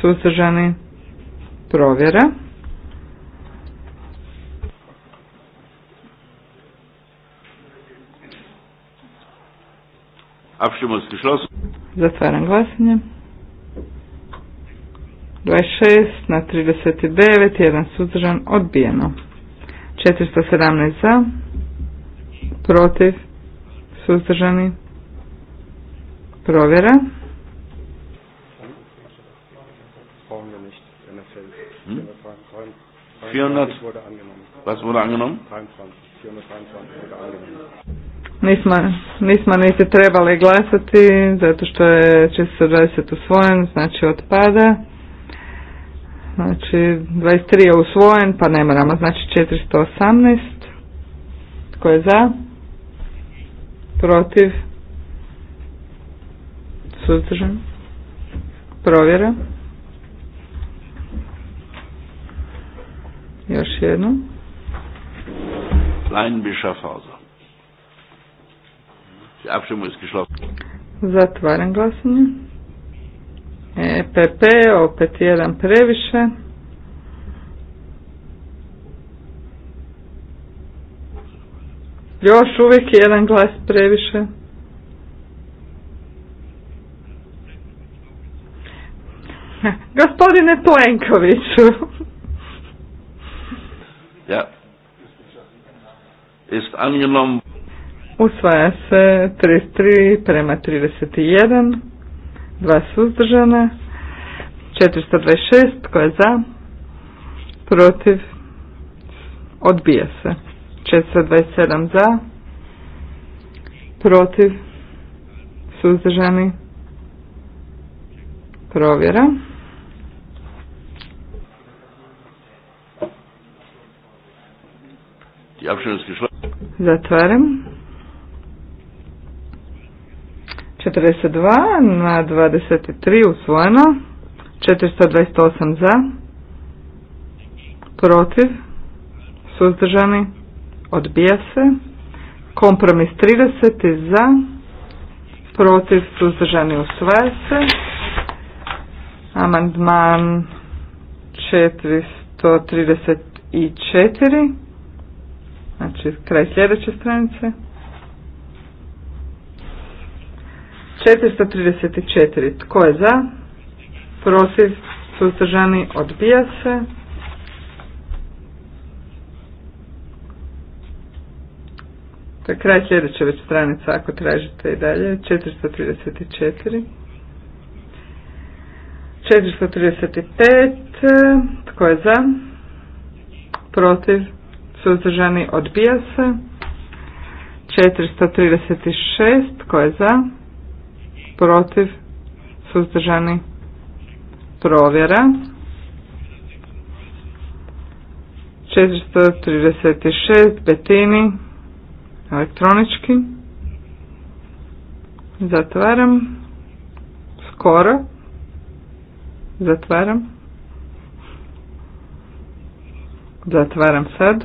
suzdržani, provjera. Zatvaram glasanje. 26 na 39, jedan suzdržan, odbijeno. 417 za, protiv, suzdržani, provjera. 400 Was wurde angenommen? 423 Nismo, nismo niti trebali glasati zato što je 420 usvojen, znači otpada. Znači 23 je usvojen pa ne moramo, znači 418. Tko je za? Protiv? Suzdržan? Provjera. još jednom. geschlossen. Zatvaram glasanje. EPP, opet jedan previše. Još uvijek jedan glas previše. Gospodine Plenkoviću. Ja. Ist angenommen. Usvaja se 33 prema 31. Dva suzdržana. 426. koja je za? Protiv? Odbija se. 427 za. Protiv? Suzdržani? Provjera. Zatvaram. 42 na 23 usvojeno. 428 za. Protiv. Suzdržani. Odbija se. Kompromis 30 za. Protiv. Suzdržani usvaja se. Amandman 434. Znači, kraj sljedeće stranice. 434. Tko je za? Protiv, suzdržani, odbija se. To je kraj sljedeće već stranice ako tražite i dalje. 434. 435. Tko je za? Protiv, suzdržani, odbija se. 436, tko je za, protiv, suzdržani, provjera. 436, Betini, elektronički. Zatvaram. Skoro. Zatvaram. Zatvaram sad.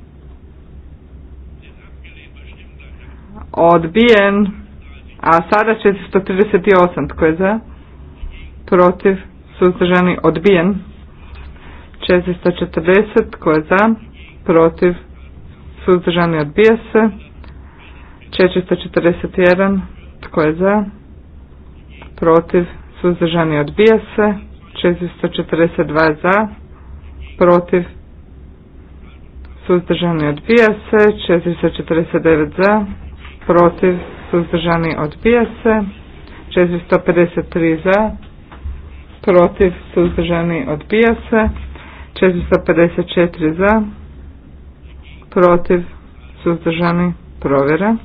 odbijen, a sada 438 tko je za, protiv, suzdržani, odbijen, 440 tko je za, protiv, suzdržani, odbija se, 441 tko je za, protiv, suzdržani, odbija se, 442 za, protiv, suzdržani, odbija se, 449 za, protiv, suzdržani, odbija se. 453 za, protiv, suzdržani, odbija se. 454 za, protiv, suzdržani, provjera.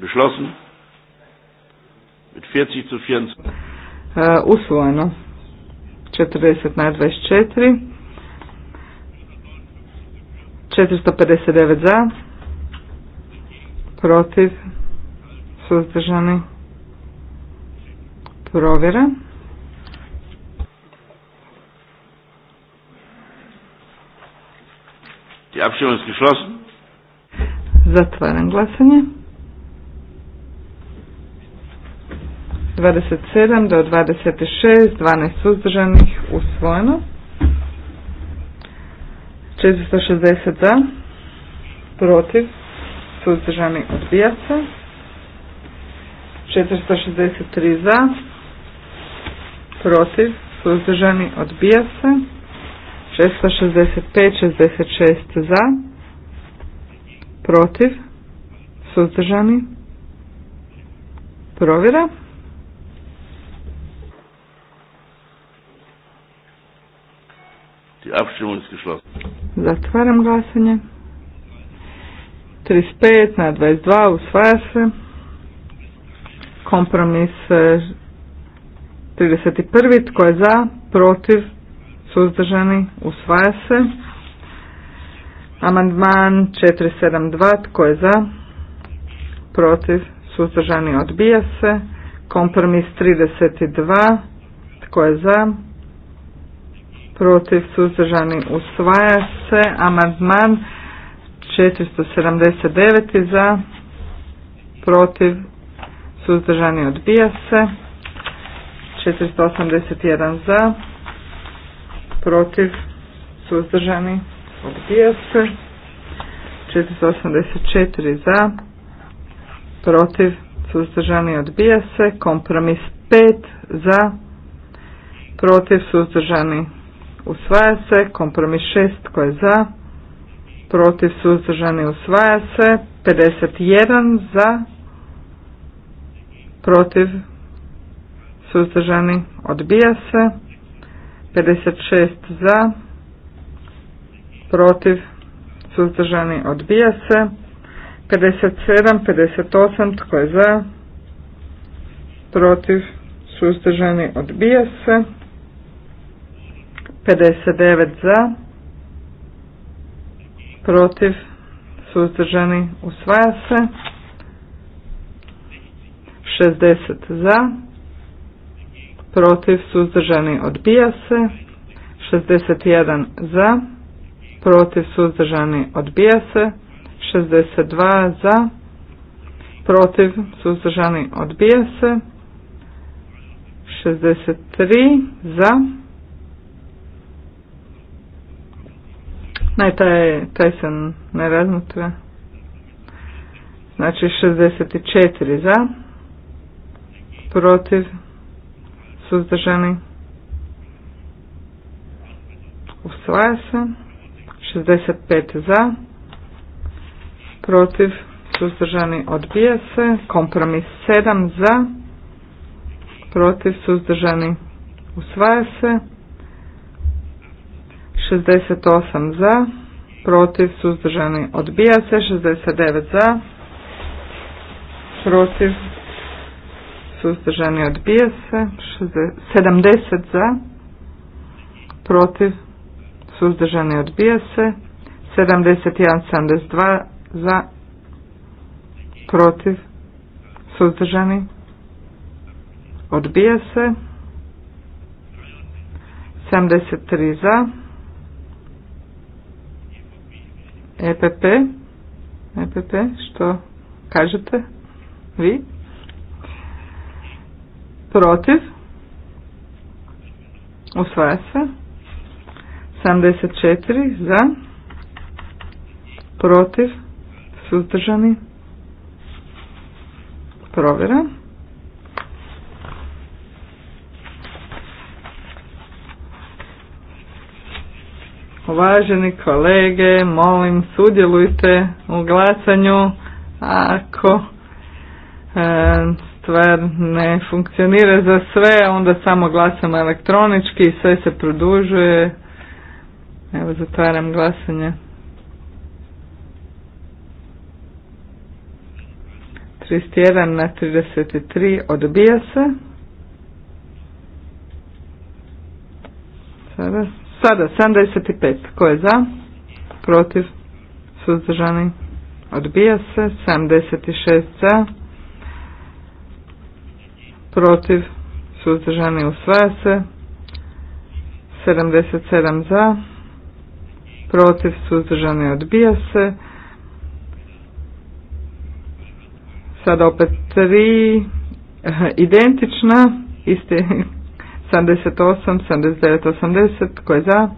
Beschlossen. Mit 40 zu 24. Uh, usvojeno. 40 na 24. 459 za. Protiv. Suzdržani. Provjera. Die Abstimmung Zatvaram glasanje. 27 do 26, 12 suzdržanih, usvojeno. 460 za, protiv, suzdržani odbija se. 463 za, protiv, suzdržani odbija se. 665, 66 za, protiv, suzdržani, provjera. Zatvaram glasanje. 35 na 22 usvaja se. Kompromis 31. E, tko je za? Protiv? Suzdržani? Usvaja se. Amandman 472. Tko je za? Protiv? Suzdržani? Odbija se. Kompromis 32. Tko je za? protiv suzdržani usvaja se amandman 479 za protiv suzdržani odbija se 481 za protiv suzdržani odbija se 484 za protiv suzdržani odbija se kompromis 5 za protiv suzdržani usvaja se, kompromis 6 tko je za, protiv suzdržani usvaja se, 51 za, protiv suzdržani odbija se, 56 za, protiv suzdržani odbija se, 57, 58 tko je za, protiv suzdržani odbija se, 59 za, protiv, suzdržani, usvaja se. 60 za, protiv, suzdržani, odbija se. 61 za, protiv, suzdržani, odbija se. 62 za, protiv, suzdržani, odbija se. 63 za, Ne, taj, taj se ne razmatra. Znači 64 za, protiv, suzdržani, usvaja se. 65 za, protiv, suzdržani, odbija se. Kompromis 7 za, protiv, suzdržani, usvaja se. 68 za, protiv, suzdržani, odbija se, 69 za, protiv, suzdržani, odbija se, 70 za, protiv, suzdržani, odbija se, 71, 72 za, protiv, suzdržani, odbija se, 73 za, EPP, EPP, što kažete vi? Protiv? Usvaja se. 74 za. Protiv? Suzdržani? Provjera. Uvaženi kolege, molim sudjelujte u glasanju ako e, stvar ne funkcionira za sve, onda samo glasamo elektronički i sve se produžuje. Evo zatvaram glasanje. 31 na 33 odbija se. Sada Sada 75. Ko je za? Protiv? Suzdržani? Odbija se. 76 za. Protiv? Suzdržani? Usvaja se. 77 za. Protiv? Suzdržani? Odbija se. Sada opet 3. Identična. Isti 78, 79, 80. koji je za?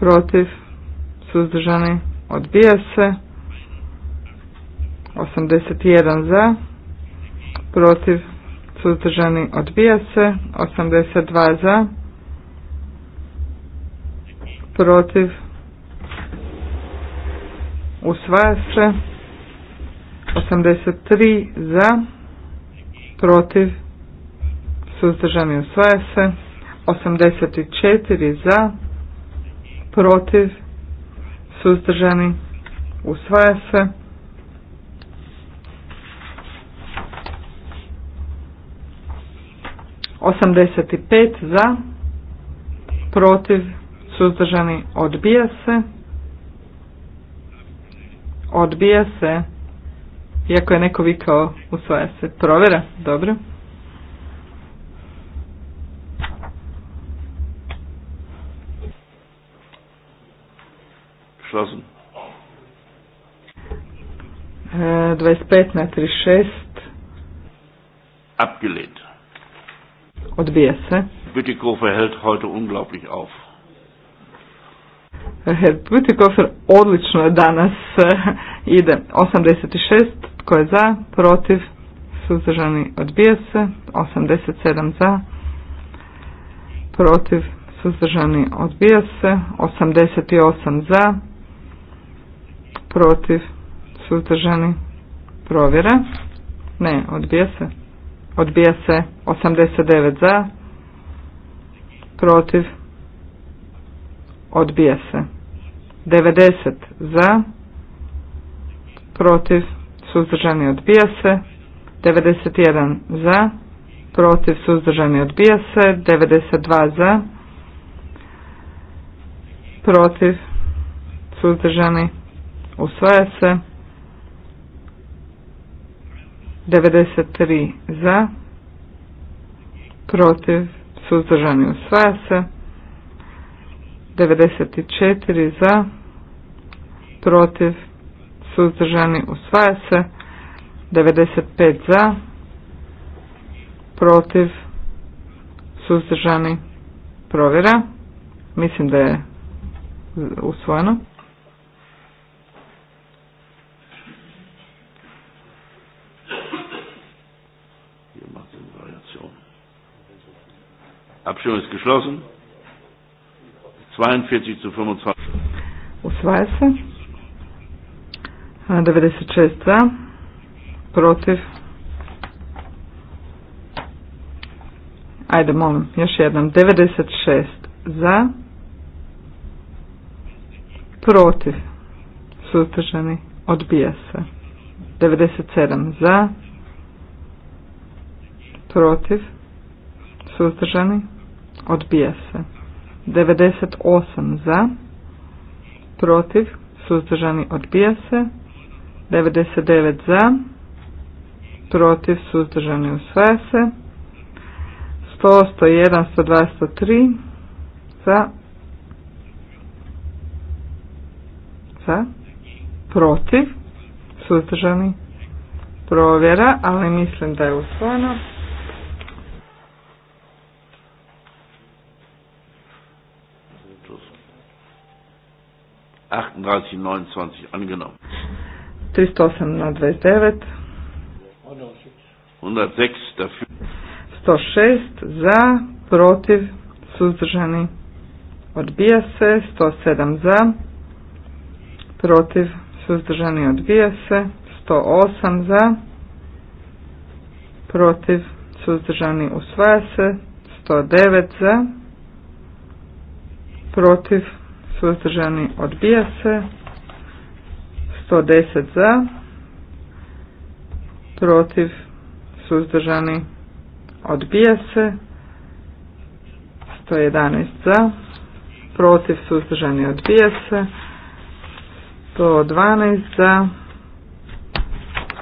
Protiv? Suzdržani? Odbija se. 81 za. Protiv? Suzdržani? Odbija se. 82 za. Protiv? Usvaja se. 83 za. Protiv? suzdržani usvaja se, 84 za, protiv, suzdržani usvaja se, Osamdeset pet za, protiv, suzdržani odbija se, odbija se, iako je neko vikao usvaja se, provjera, dobro. 25 e, na 36. Abgelehnt. Odbija se. Bütikofer hält heute unglaublich auf. E, Herr Bütikofer odlično danas e, ide. 86, tko je za, protiv, suzdržani, odbija se. 87 za, protiv, suzdržani, odbija se. 88 za, protiv, suzdržani, provjera. Ne, odbija se. Odbija se 89 za, protiv, odbija se. 90 za, protiv, suzdržani, odbija se. 91 za, protiv, suzdržani, odbija se. 92 za, protiv, suzdržani, usvaja se. 93 za, protiv, suzdržani usvaja se. 94 za, protiv, suzdržani usvaja se. 95 za, protiv, suzdržani provjera. Mislim da je usvojeno. Abstimmung ist geschlossen. 42 zu 25. Usvaja se. 96 za. Protiv. Ajde, molim, još jednom. 96 za. Protiv. Sutržani. Odbija se. 97 za. Protiv. Suzdržani. Odbija se. 98 za. Protiv. Suzdržani. Odbija se. 99 za. Protiv. Suzdržani. Usvaja se. 100, 101, 123. 103 za. Za. Protiv. Suzdržani. Provjera, ali mislim da je usvojeno. 38, angenommen. 308 na 29. 106 dafür. 106 za, protiv, suzdržani. Odbija se. 107 za, protiv, suzdržani. Odbija se. 108 za, protiv, suzdržani. Usvaja se. 109 za, protiv, suzdržani odbija se 110 za protiv suzdržani odbija se 111 za protiv suzdržani odbija se 112 za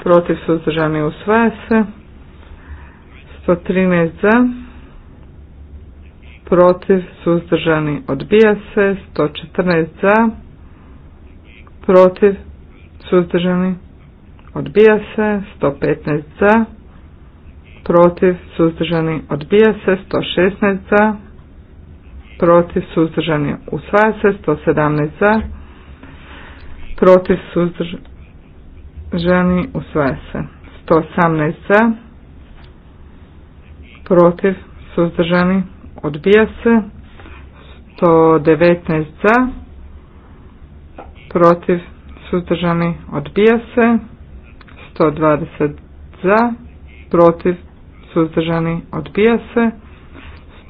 protiv suzdržani usvaja se 113 za protiv, suzdržani, odbija se, 114 za, protiv, suzdržani, odbija se, 115 za, protiv, suzdržani, odbija se, 116 za, protiv, suzdržani, usvaja se, 117 za, protiv, suzdržani, usvaja se, 118 za, protiv, suzdržani, odbija se. 119 za, protiv, suzdržani, odbija se. 120 za, protiv, suzdržani, odbija se.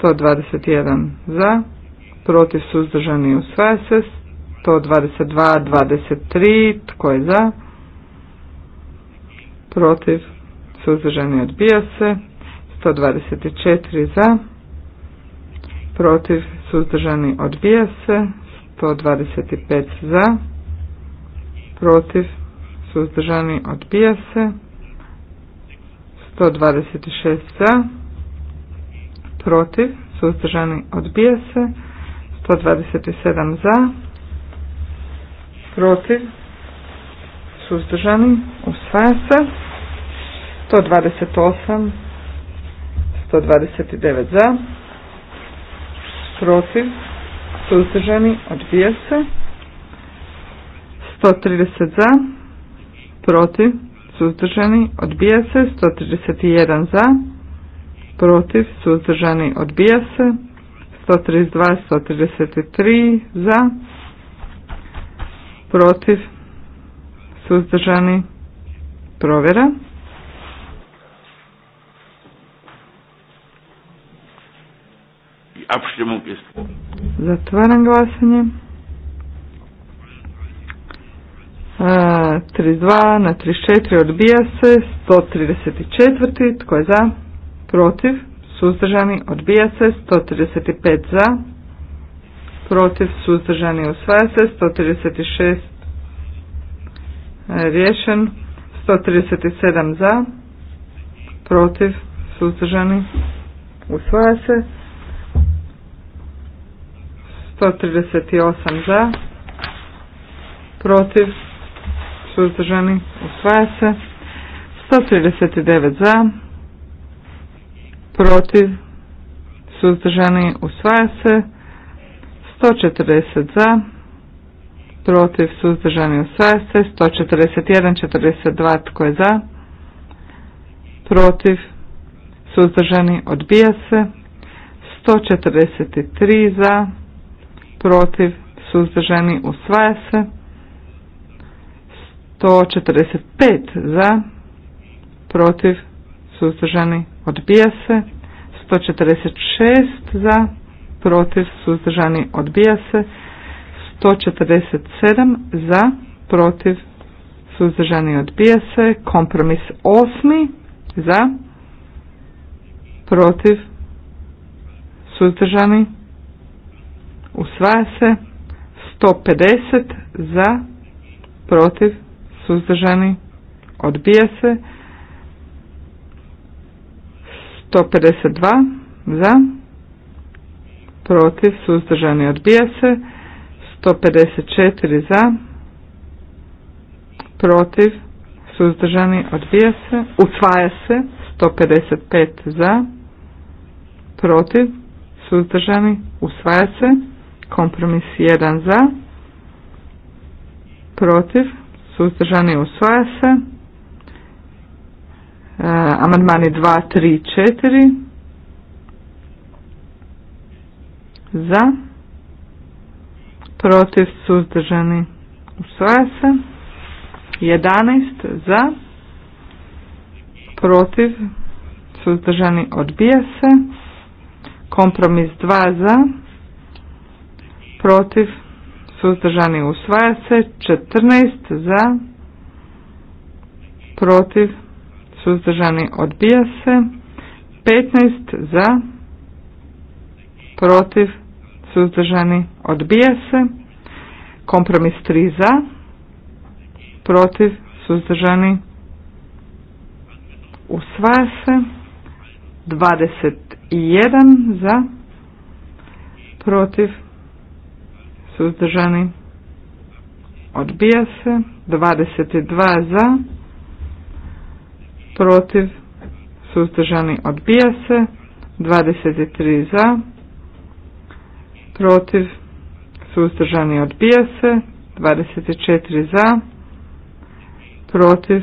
121 za, protiv, suzdržani, usvaja se. 122, 23, tko je za? Protiv, suzdržani, odbija se. 124 za, protiv, suzdržani, odbija se. 125 za, protiv, suzdržani, odbija se. 126 za, protiv, suzdržani, odbija se. 127 za, protiv, suzdržani, usvaja se. 128, 129 za, protiv, suzdržani, odbija se. 130 za, protiv, suzdržani, odbija se. 131 za, protiv, suzdržani, odbija se. 132, 133 za, protiv, suzdržani, provjera. Abstimmung ist. Zatvaram glasanje. A, 32 na 34 odbija se. 134. Tko je za? Protiv. Suzdržani odbija se. 135 za. Protiv. Suzdržani usvaja se. 136 e, riješen. 137 za. Protiv. Suzdržani usvaja se. 138 za, protiv, suzdržani, usvaja se. 139 za, protiv, suzdržani, usvaja se. 140 za, protiv, suzdržani, usvaja se. 141, 42 tko je za, protiv, suzdržani, odbija se. 143 za, protiv, suzdržani, usvaja se. 145 za, protiv, suzdržani, odbija se. 146 za, protiv, suzdržani, odbija se. 147 za, protiv, suzdržani, odbija se. Kompromis osmi za, protiv, suzdržani, Usvaja se 150 za, protiv, suzdržani, odbija se 152 za, protiv, suzdržani, odbija se 154 za, protiv, suzdržani, odbija se, usvaja se 155 za, protiv, suzdržani, usvaja se Kompromis 1 za, protiv, suzdržani usvaja se. E, amandmani 2, 3, 4 za, protiv, suzdržani usvaja se. 11 za, protiv, suzdržani odbija se. Kompromis 2 za, protiv, suzdržani usvaja se, 14 za, protiv, suzdržani odbija se, 15 za, protiv, suzdržani odbija se, kompromis 3 za, protiv, suzdržani usvaja se, 21 za, protiv, suzdržani, odbija se, 22 za, protiv, suzdržani, odbija se, 23 za, protiv, suzdržani, odbija se, 24 za, protiv,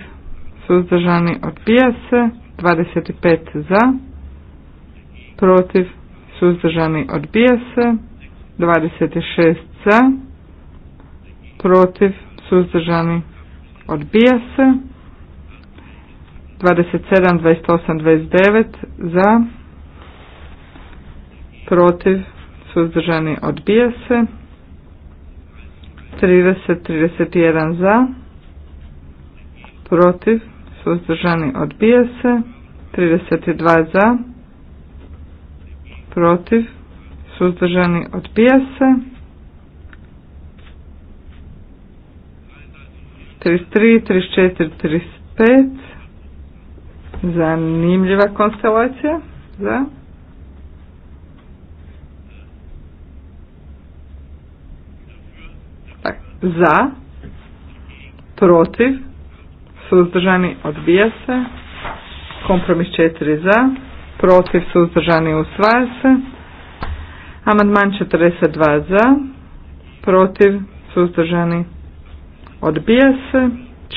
suzdržani, odbija se, 25 za, protiv, suzdržani, odbija se, 26 za, protiv, suzdržani, odbija se. 27, 28, 29 za, protiv, suzdržani, odbija se. 30, 31 za, protiv, suzdržani, odbija se. 32 za, protiv, suzdržani odbija se. 33, 34, 35. Zanimljiva konstelacija. Za. Tak, za. Protiv. Suzdržani odbija se. Kompromis 4 za. Protiv suzdržani usvaja se. Amandman 42 za, protiv, suzdržani, odbija se.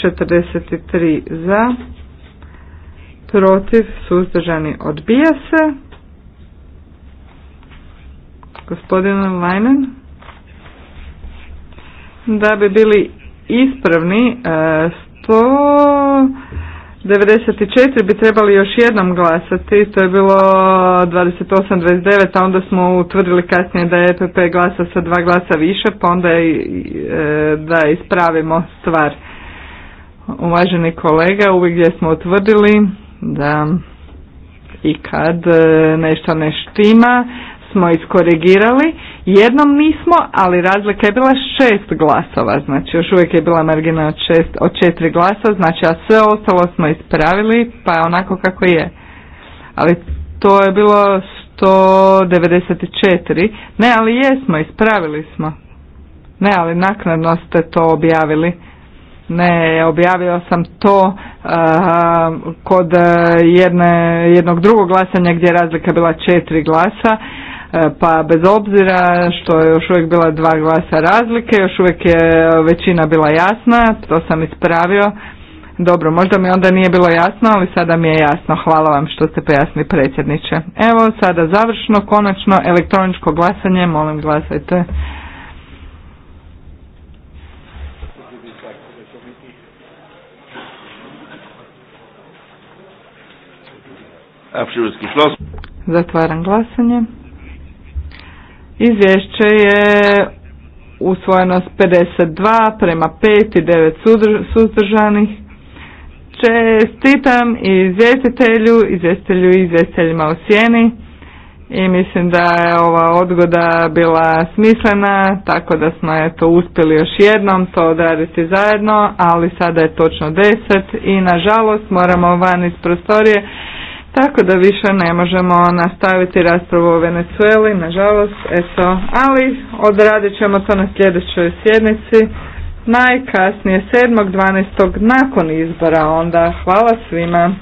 43 za, protiv, suzdržani, odbija se. Gospodin Leinen, da bi bili ispravni, 100... E, 94 bi trebali još jednom glasati, to je bilo 28-29, a onda smo utvrdili kasnije da je EPP glasa sa dva glasa više, pa onda je, da ispravimo stvar. Uvaženi kolega, uvijek gdje smo utvrdili da i kad e, nešto ne štima, smo iskorigirali, jednom nismo, ali razlika je bila šest glasova, znači još uvijek je bila margina od, šest, od četiri glasa, znači a sve ostalo smo ispravili, pa je onako kako je. Ali to je bilo 194, ne ali jesmo, ispravili smo. Ne, ali naknadno ste to objavili. Ne, objavio sam to uh, kod uh, jedne, jednog drugog glasanja gdje je razlika bila četiri glasa E, pa bez obzira što je još uvijek bila dva glasa razlike, još uvijek je e, većina bila jasna, to sam ispravio. Dobro, možda mi onda nije bilo jasno, ali sada mi je jasno. Hvala vam što ste pojasnili predsjedniče. Evo, sada završno, konačno, elektroničko glasanje, molim glasajte. Zatvaram glasanje. Izvješće je usvojeno s 52 prema 5 i 9 suzdržanih. Čestitam i izvjestitelju, izvjestitelju i izvjestiteljima u sjeni i mislim da je ova odgoda bila smislena, tako da smo eto uspjeli još jednom to odraditi zajedno, ali sada je točno 10 i nažalost moramo van iz prostorije tako da više ne možemo nastaviti raspravu o Venezueli, nažalost, eto, ali odradit ćemo to na sljedećoj sjednici, najkasnije 7.12. nakon izbora, onda hvala svima.